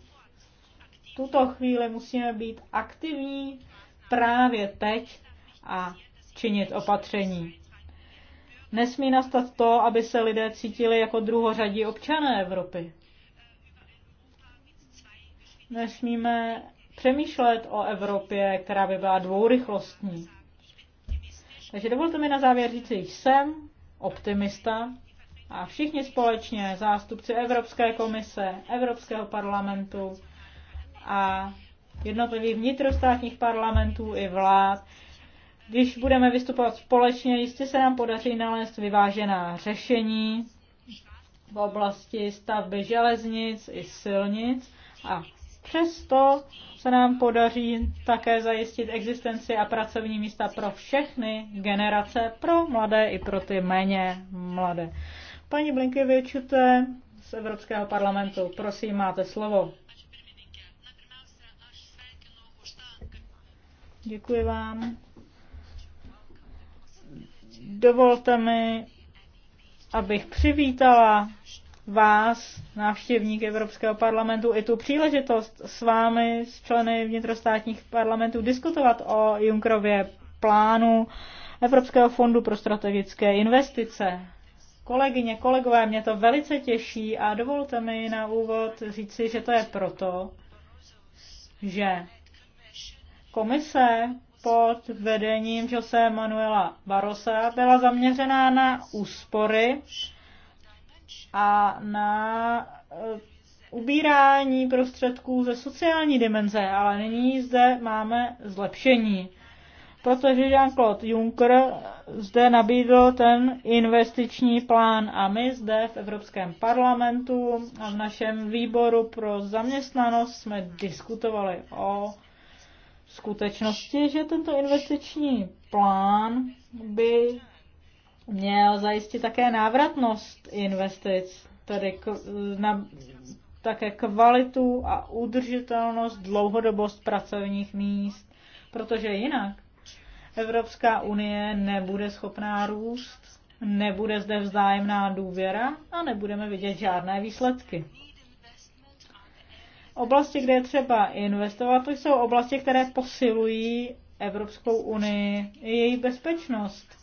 v tuto chvíli, musíme být aktivní právě teď a činit opatření. Nesmí nastat to, aby se lidé cítili jako druhořadí občané Evropy nesmíme přemýšlet o Evropě, která by byla dvourychlostní. Takže dovolte mi na závěr říct, že jsem optimista a všichni společně, zástupci Evropské komise, Evropského parlamentu a jednotlivých vnitrostátních parlamentů i vlád, když budeme vystupovat společně, jistě se nám podaří nalézt vyvážená řešení v oblasti stavby železnic i silnic a Přesto se nám podaří také zajistit existenci a pracovní místa pro všechny generace, pro mladé i pro ty méně mladé. Paní Blinkevičute z Evropského parlamentu, prosím, máte slovo. Děkuji vám. Dovolte mi, abych přivítala vás, návštěvník Evropského parlamentu, i tu příležitost s vámi, s členy vnitrostátních parlamentů, diskutovat o Junkrově plánu Evropského fondu pro strategické investice. Kolegyně, kolegové, mě to velice těší a dovolte mi na úvod říci, že to je proto, že komise pod vedením Jose Manuela Barosa byla zaměřená na úspory a na eh, ubírání prostředků ze sociální dimenze, ale nyní zde máme zlepšení. Protože Jean-Claude Juncker zde nabídl ten investiční plán a my zde v Evropském parlamentu a v našem výboru pro zaměstnanost jsme diskutovali o skutečnosti, že tento investiční plán by měl zajistit také návratnost investic, tedy na, také kvalitu a udržitelnost, dlouhodobost pracovních míst, protože jinak Evropská unie nebude schopná růst, nebude zde vzájemná důvěra a nebudeme vidět žádné výsledky. Oblasti, kde je třeba investovat, to jsou oblasti, které posilují Evropskou unii její bezpečnost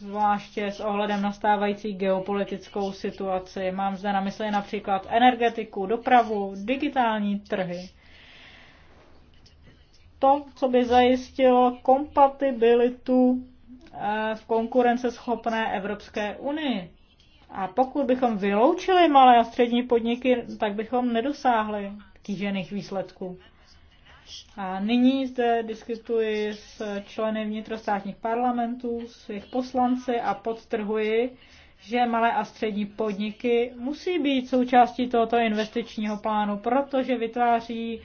zvláště s ohledem na stávající geopolitickou situaci. Mám zde na mysli například energetiku, dopravu, digitální trhy. To, co by zajistilo kompatibilitu eh, v konkurenceschopné Evropské unii. A pokud bychom vyloučili malé a střední podniky, tak bychom nedosáhli kýžených výsledků. A nyní zde diskutuji s členy vnitrostátních parlamentů, s jejich poslanci a podtrhuji, že malé a střední podniky musí být součástí tohoto investičního plánu, protože vytváří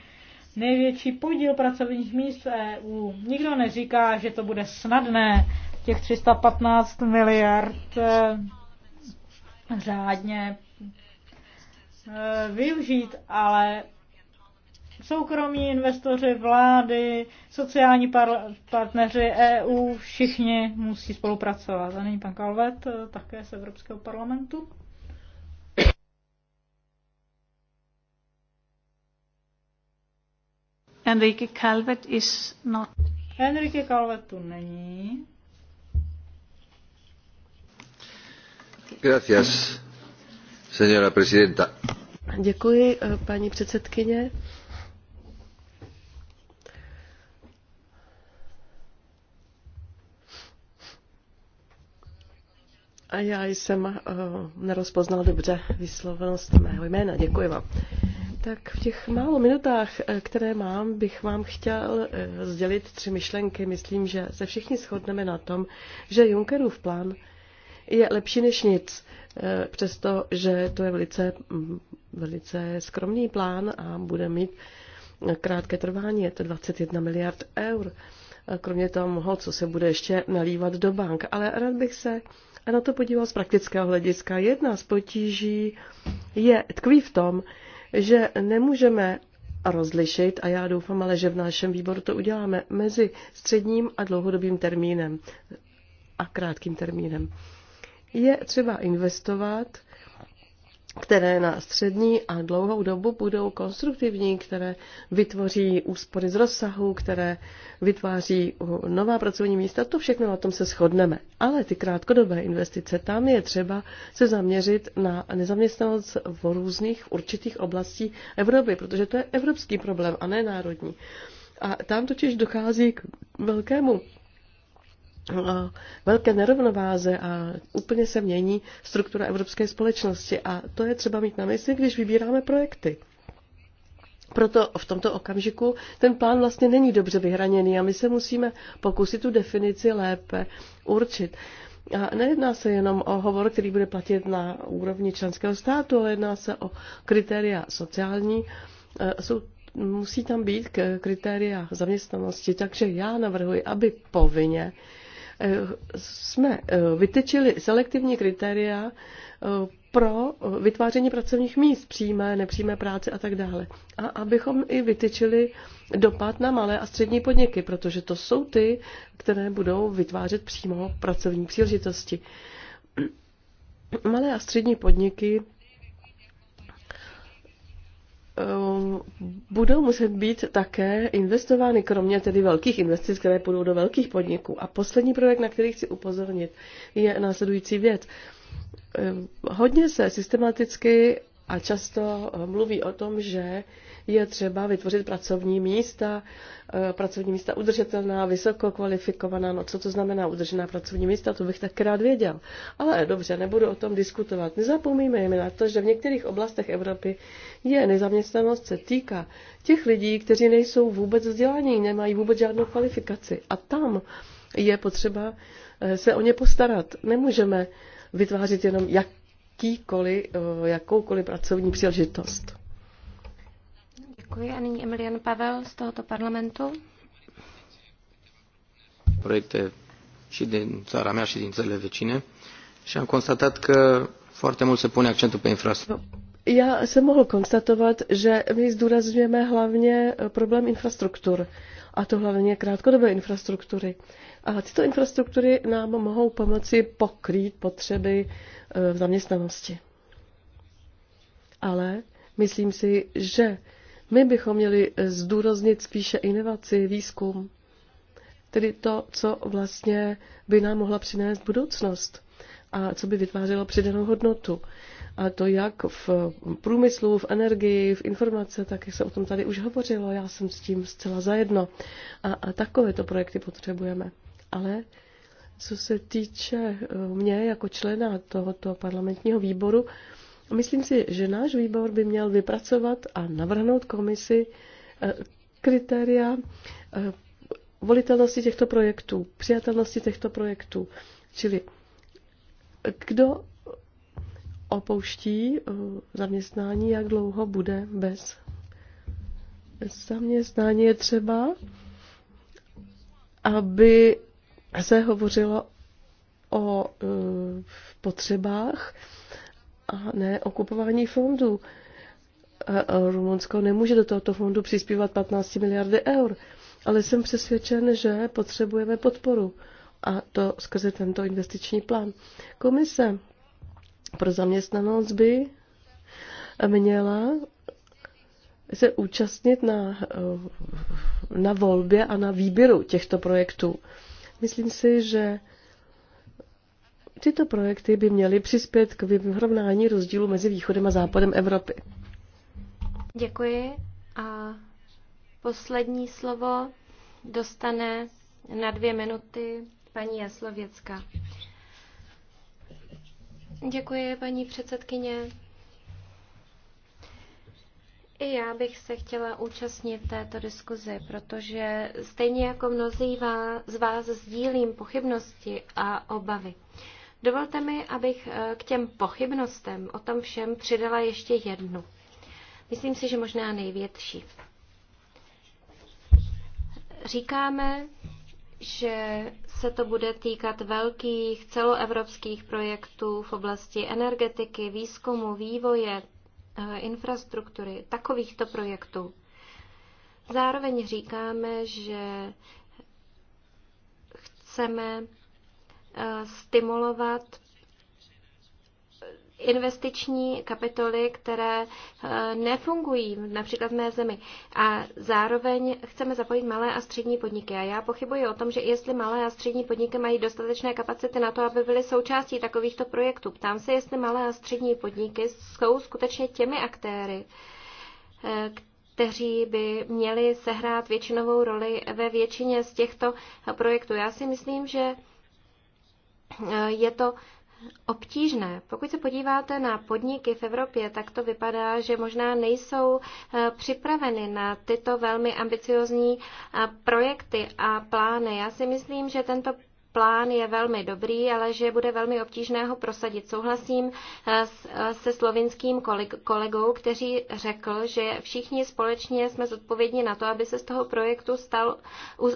největší podíl pracovních míst v EU. Nikdo neříká, že to bude snadné, těch 315 miliard eh, řádně eh, využít, ale soukromí investoři, vlády, sociální par- partneři EU, všichni musí spolupracovat. A není pan Kalvet, eh, také z Evropského parlamentu. Enrique Calvet is not. Enrique Calvet tu není. Gracias, señora presidenta. Děkuji, eh, paní předsedkyně. A já jsem uh, nerozpoznal dobře vyslovenost mého jména. Děkuji vám. Tak v těch málo minutách, eh, které mám, bych vám chtěl eh, sdělit tři myšlenky. Myslím, že se všichni shodneme na tom, že Junckerův plán je lepší než nic, přesto, že to je velice, mm, velice skromný plán a bude mít krátké trvání, je to 21 miliard eur. Kromě toho, co se bude ještě nalívat do bank. Ale rád bych se na to podíval z praktického hlediska. Jedna z potíží je, tkví v tom, že nemůžeme rozlišit, a já doufám ale, že v našem výboru to uděláme, mezi středním a dlouhodobým termínem a krátkým termínem. Je třeba investovat které na střední a dlouhou dobu budou konstruktivní, které vytvoří úspory z rozsahu, které vytváří nová pracovní místa, to všechno na tom se shodneme. Ale ty krátkodobé investice, tam je třeba se zaměřit na nezaměstnanost v různých určitých oblastí Evropy, protože to je evropský problém a ne národní. A tam totiž dochází k velkému Eh, velké nerovnováze a úplně se mění struktura evropské společnosti a to je třeba mít na mysli, když vybíráme projekty. Proto v tomto okamžiku ten plán vlastně není dobře vyhraněný a my se musíme pokusit tu definici lépe určit. A nejedná se jenom o hovor, který bude platit na úrovni členského státu, ale jedná se o kritéria sociální. Eh, jsou, musí tam být kritéria zaměstnanosti, takže já navrhuji, aby povinně jsme eh, vytyčili selektivní kritéria eh, pro vytváření pracovních míst, přímé, nepřímé práce a tak dále. A abychom i vytyčili dopad na malé a střední podniky, protože to jsou ty, které budou vytvářet přímo pracovní příležitosti. Malé a střední podniky Eh, budou muset být také investovány, kromě tedy velkých investic, které půjdou do velkých podniků. A poslední projekt, na který chci upozornit, je následující věc. Eh, hodně se systematicky a často eh, mluví o tom, že je třeba vytvořit pracovní místa, eh, pracovní místa udržitelná, vysoko kvalifikovaná. No co to znamená udržená pracovní místa, to bych tak rád věděl. Ale dobře, nebudu o tom diskutovat. Nezapomínejme na to, že v některých oblastech Evropy je nezaměstnanost se týká těch lidí, kteří nejsou vůbec vzdělaní, nemají vůbec žádnou kvalifikaci. A tam je potřeba eh, se o ně postarat. Nemůžeme vytvářet jenom jak jakýkoliv, eh, jakoukoliv pracovní příležitost. Děkuji. A nyní Emilian Pavel z tohoto parlamentu. Projekte și din țara mea și din țările vecine și am constatat că foarte mult se pune accentul pe infrastructură. No, já jsem mohl konstatovat, že my zdůrazňujeme hlavně eh, problém infrastruktur, a to hlavně krátkodobé infrastruktury. A tyto infrastruktury nám mohou pomoci pokrýt potřeby e, v zaměstnanosti. Ale myslím si, že my bychom měli zdůraznit spíše inovaci, výzkum, tedy to, co vlastně by nám mohla přinést budoucnost a co by vytvářelo přidanou hodnotu. A to jak v průmyslu, v energii, v informace, tak jak se o tom tady už hovořilo, já jsem s tím zcela zajedno. A, a takovéto projekty potřebujeme. Ale co se týče eh, mě jako člena tohoto parlamentního výboru, myslím si, že náš výbor by měl vypracovat a navrhnout komisi eh, kritéria eh, volitelnosti těchto projektů, přijatelnosti těchto projektů. Čili kdo opouští zaměstnání, jak dlouho bude bez zaměstnání je třeba, aby se hovořilo o e, potřebách a ne o kupování fondů. E, e, Rumunsko nemůže do tohoto fondu přispívat 15 miliardy eur, ale jsem přesvědčen, že potřebujeme podporu a to skrze tento investiční plán. Komise pro zaměstnanost by měla se účastnit na, na volbě a na výběru těchto projektů. Myslím si, že tyto projekty by měly přispět k vyrovnání rozdílu mezi východem a západem Evropy. Děkuji a poslední slovo dostane na dvě minuty paní Jaslověcka. Děkuji, paní předsedkyně. I já bych se chtěla účastnit této diskuzi, protože stejně jako mnozí z vás sdílím pochybnosti a obavy. Dovolte mi, abych eh, k těm pochybnostem o tom všem přidala ještě jednu. Myslím si, že možná největší. Říkáme, že se to bude týkat velkých celoevropských projektů v oblasti energetiky, výzkumu, vývoje, E, infrastruktury, takovýchto projektů. Zároveň říkáme, že chceme e, stimulovat investiční kapitoly, které eh, nefungují, například v mé zemi. A zároveň chceme zapojit malé a střední podniky. A já pochybuji o tom, že jestli malé a střední podniky mají dostatečné kapacity na to, aby byly součástí takovýchto projektů. Ptám se, jestli malé a střední podniky jsou skutečně těmi aktéry, eh, kteří by měli sehrát většinovou roli ve většině z těchto projektů. Já si myslím, že eh, je to obtížné. Pokud se podíváte na podniky v Evropě, tak to vypadá, že možná nejsou eh, připraveny na tyto velmi ambiciozní eh, projekty a plány. Já si myslím, že tento plán je velmi dobrý, ale že bude velmi obtížné ho prosadit. Souhlasím eh, eh, se slovinským kolegou, který řekl, že všichni společně jsme zodpovědní na to, aby se z toho projektu stal,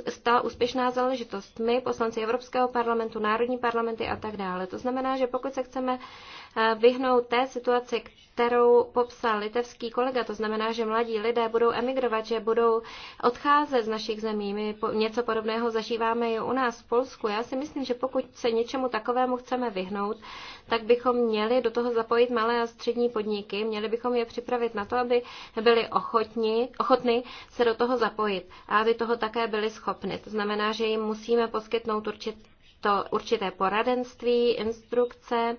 stala úspěšná záležitost. My, poslanci Evropského parlamentu, národní parlamenty a tak dále. To znamená, že pokud se chceme vyhnout té situaci, kterou popsal litevský kolega. To znamená, že mladí lidé budou emigrovat, že budou odcházet z našich zemí. My něco podobného zažíváme i u nás v Polsku. Já si myslím, že pokud se něčemu takovému chceme vyhnout, tak bychom měli do toho zapojit malé a střední podniky, měli bychom je připravit na to, aby byli ochotni, ochotni se do toho zapojit a aby toho také byli schopni. To znamená, že jim musíme poskytnout určitý to určité poradenství, instrukce.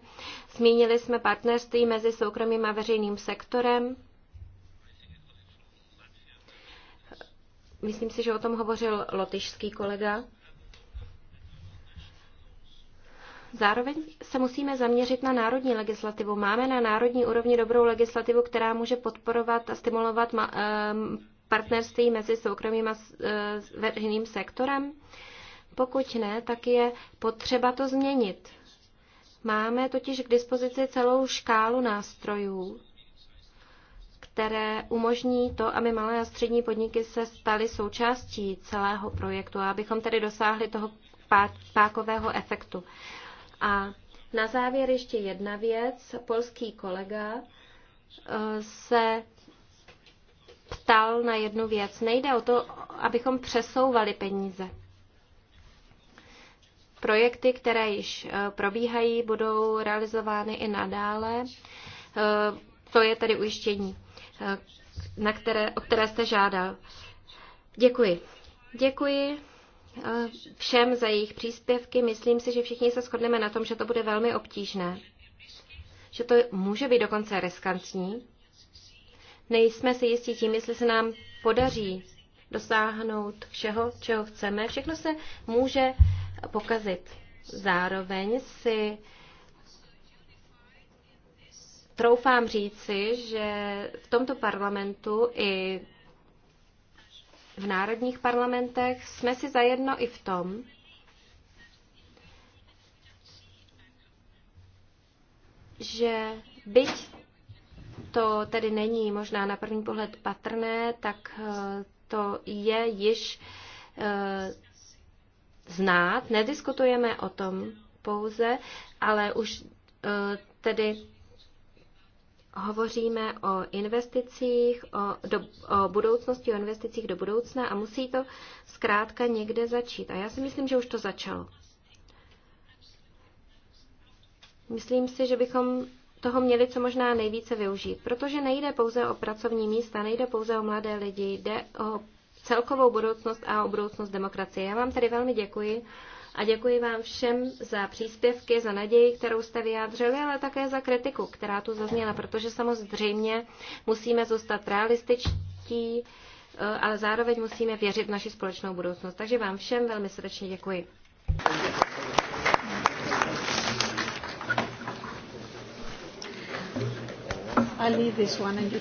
Zmínili jsme partnerství mezi soukromým a veřejným sektorem. Myslím si, že o tom hovořil lotyšský kolega. Zároveň se musíme zaměřit na národní legislativu. Máme na národní úrovni dobrou legislativu, která může podporovat a stimulovat eh, partnerství mezi soukromým a eh, veřejným sektorem. Pokud ne, tak je potřeba to změnit. Máme totiž k dispozici celou škálu nástrojů, které umožní to, aby malé a střední podniky se staly součástí celého projektu a abychom tedy dosáhli toho pákového efektu. A na závěr ještě jedna věc. Polský kolega eh, se ptal na jednu věc. Nejde o to, abychom přesouvali peníze. Projekty, které již eh, probíhají, budou realizovány i nadále. Eh, to je tedy ujištění, eh, na které, o které jste žádal. Děkuji. Děkuji všem za jejich příspěvky. Myslím si, že všichni se shodneme na tom, že to bude velmi obtížné. Že to může být dokonce riskantní. Nejsme si jistí tím, jestli se nám podaří dosáhnout všeho, čeho chceme. Všechno se může pokazit. Zároveň si troufám říci, že v tomto parlamentu i v národních parlamentech jsme si zajedno i v tom, že byť to tedy není možná na první pohled patrné, tak eh, to je již eh, znát. Nediskutujeme o tom pouze, ale už e, tedy hovoříme o investicích, o, do, o budoucnosti, o investicích do budoucna a musí to zkrátka někde začít. A já si myslím, že už to začalo. Myslím si, že bychom toho měli co možná nejvíce využít, protože nejde pouze o pracovní místa, nejde pouze o mladé lidi, jde o celkovou budoucnost a o budoucnost demokracie. Já vám tedy velmi děkuji a děkuji vám všem za příspěvky, za naději, kterou jste vyjádřili, ale také za kritiku, která tu zazněla, protože samozřejmě musíme zůstat realističtí, eh, ale zároveň musíme věřit v naši společnou budoucnost. Takže vám všem velmi srdečně děkuji. I leave this one and you